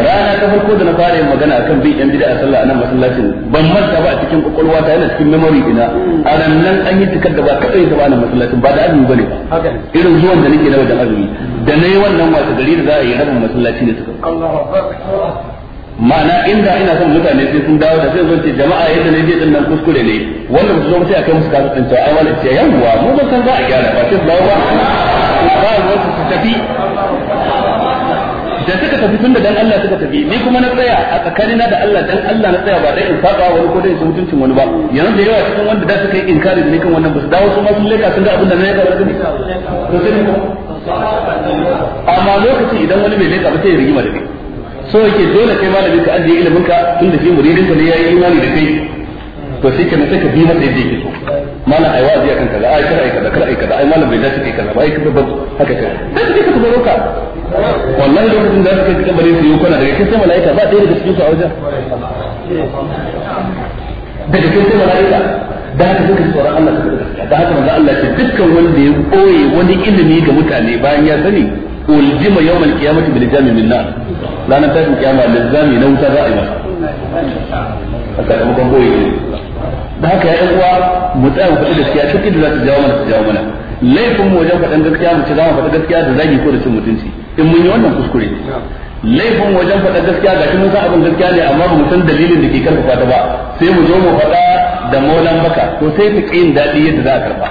rana ta farko da na fara yin magana akan bin yan bid'a sallah nan masallacin ban manta ba a cikin kokolwa ta yana cikin memory ina. a nan an yi tikar da ba kadai ta ba nan masallacin ba da azumi bane ba irin zuwan da nake na wajen azumi da nayi wannan wata gari da za a yi rabin masallaci ne suka ma'ana inda ina son mutane sai sun dawo da sai zo ce jama'a yadda ne din nan kuskure ne wanda su zo sai a kai musu kasu tsantawa ai wala ce yawwa mu ba san za a gyara ba sai su dawo ba ba ruwan su tafi da suka tafi tun da dan Allah suka tafi ni kuma na tsaya a tsakanina da Allah dan Allah na tsaya ba dai in saba wani ko dai in mutuncin wani ba yanzu da yawa cikin wanda da suka yi inkari da ni kan wannan ba su dawo su ma sun leka sun ga abin da na yaka wani to sai amma lokaci idan wani bai leka ba sai ya rigima da ni so yake dole kai malamin ka ajiye ilimin ka tun da shi muridin ka ne yayi imani da kai to shi kenan sai ka bi masa yadda yake so malam ai wa'azi akan kaza ai kar ai kada kar ai kaza ai malam bai dace kai kaza ba ai kaza ba haka ka sai kika ku roka wallahi lokacin da kake cikin bare sai kuna daga kai sai malaika ba ɗaya daga cikin su a wajen daga kai sai malaika da haka suka ji tsoron Allah suka gaskiya da haka manzo Allah ce dukkan wanda ya koye wani ilimi ga mutane bayan ya sani uljima yawmal qiyamati bil jami min nar ranar tashin kiyama lizzami na wuta za a yi masa haka da mukan koye da haka ya uwa mu tsaya mu faɗi gaskiya cikin da za ta jawo mana ta jawo mana laifin mu wajen faɗan gaskiya mu ci za mu gaskiya da zagi ko da cin mutunci in mun yi wannan kuskure laifin wajen faɗa gaskiya ga shi mun san abin gaskiya ne amma mu san dalilin da ke karfafa ta ba sai mu zo mu faɗa da maulan baka to sai ka yin daɗi yadda za a karɓa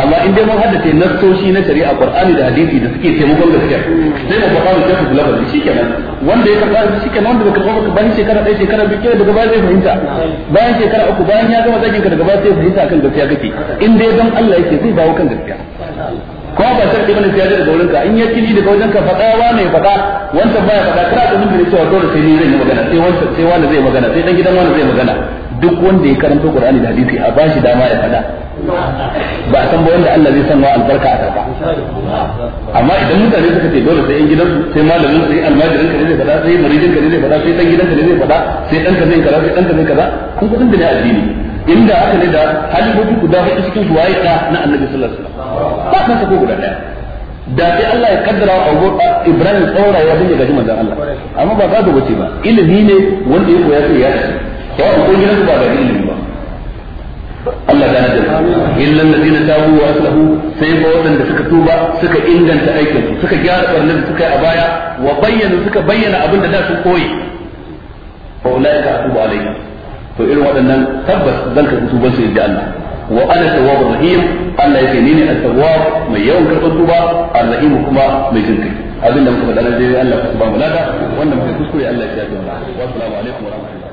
amma in dai mun haddace nassoshi na shari'a qur'ani da hadisi da suke taimakon gaskiya sai mu faɗa mu ce ku labar shi kenan wanda ya karɓa shi kenan wanda baka karɓa bayan shekara ɗaya shekara biyu kenan daga baya zai fahimta bayan shekara uku bayan ya gama zakin ka daga baya sai fahimta kan gaskiya kake in dai don Allah yake zai dawo kan gaskiya kuma ba sai ibn siyad daga wurin ka in ya kini daga wajen ka faɗa wa ne faɗa wanda baya faɗa kana da mun da cewa dole sai ni zan yi magana sai wanda sai wanda zai magana sai dan gidan wanda zai magana duk wanda ya karanta Qur'ani da hadisi a bashi dama ya faɗa ba a san ba wanda Allah zai san wa albarka a karba amma idan mutane suka ce dole sai yan gidan sai malamin sai almajirin ka ne zai faɗa sai muridin ka ne zai faɗa sai dan gidan ka ne zai faɗa sai dan ka zai kaza sai dan ka zai kaza kun kudin da ne addini inda aka ne da halibobi guda hudu cikin su waye da na annabi sallallahu alaihi wasallam ba ka sako guda ɗaya da sai Allah ya kaddara wa Ibrahim tsaura ya bin gaji manzon Allah amma ba gado bace ba ilimi ne wanda ya koya sai ya ci to ko gidan ba ga ilimi ba Allah ta nade illa alladhina tabu wa aslahu sai ba wadanda suka tuba suka inganta aikin su suka gyara barnar da suka yi a baya wa bayyana suka bayyana abin da da su koyi fa ulaika atubu alaihim to irin waɗannan tabbas zan karɓi tuban su inda Allah wa ana tawwabur rahim Allah yake ni ne at-tawwab mai yawan karɓar tuba ar-rahim kuma mai jin kai abinda muka faɗa na dai Allah ka tuba mu lada wanda muka kuskure Allah ya ji wa assalamu alaikum wa rahmatullahi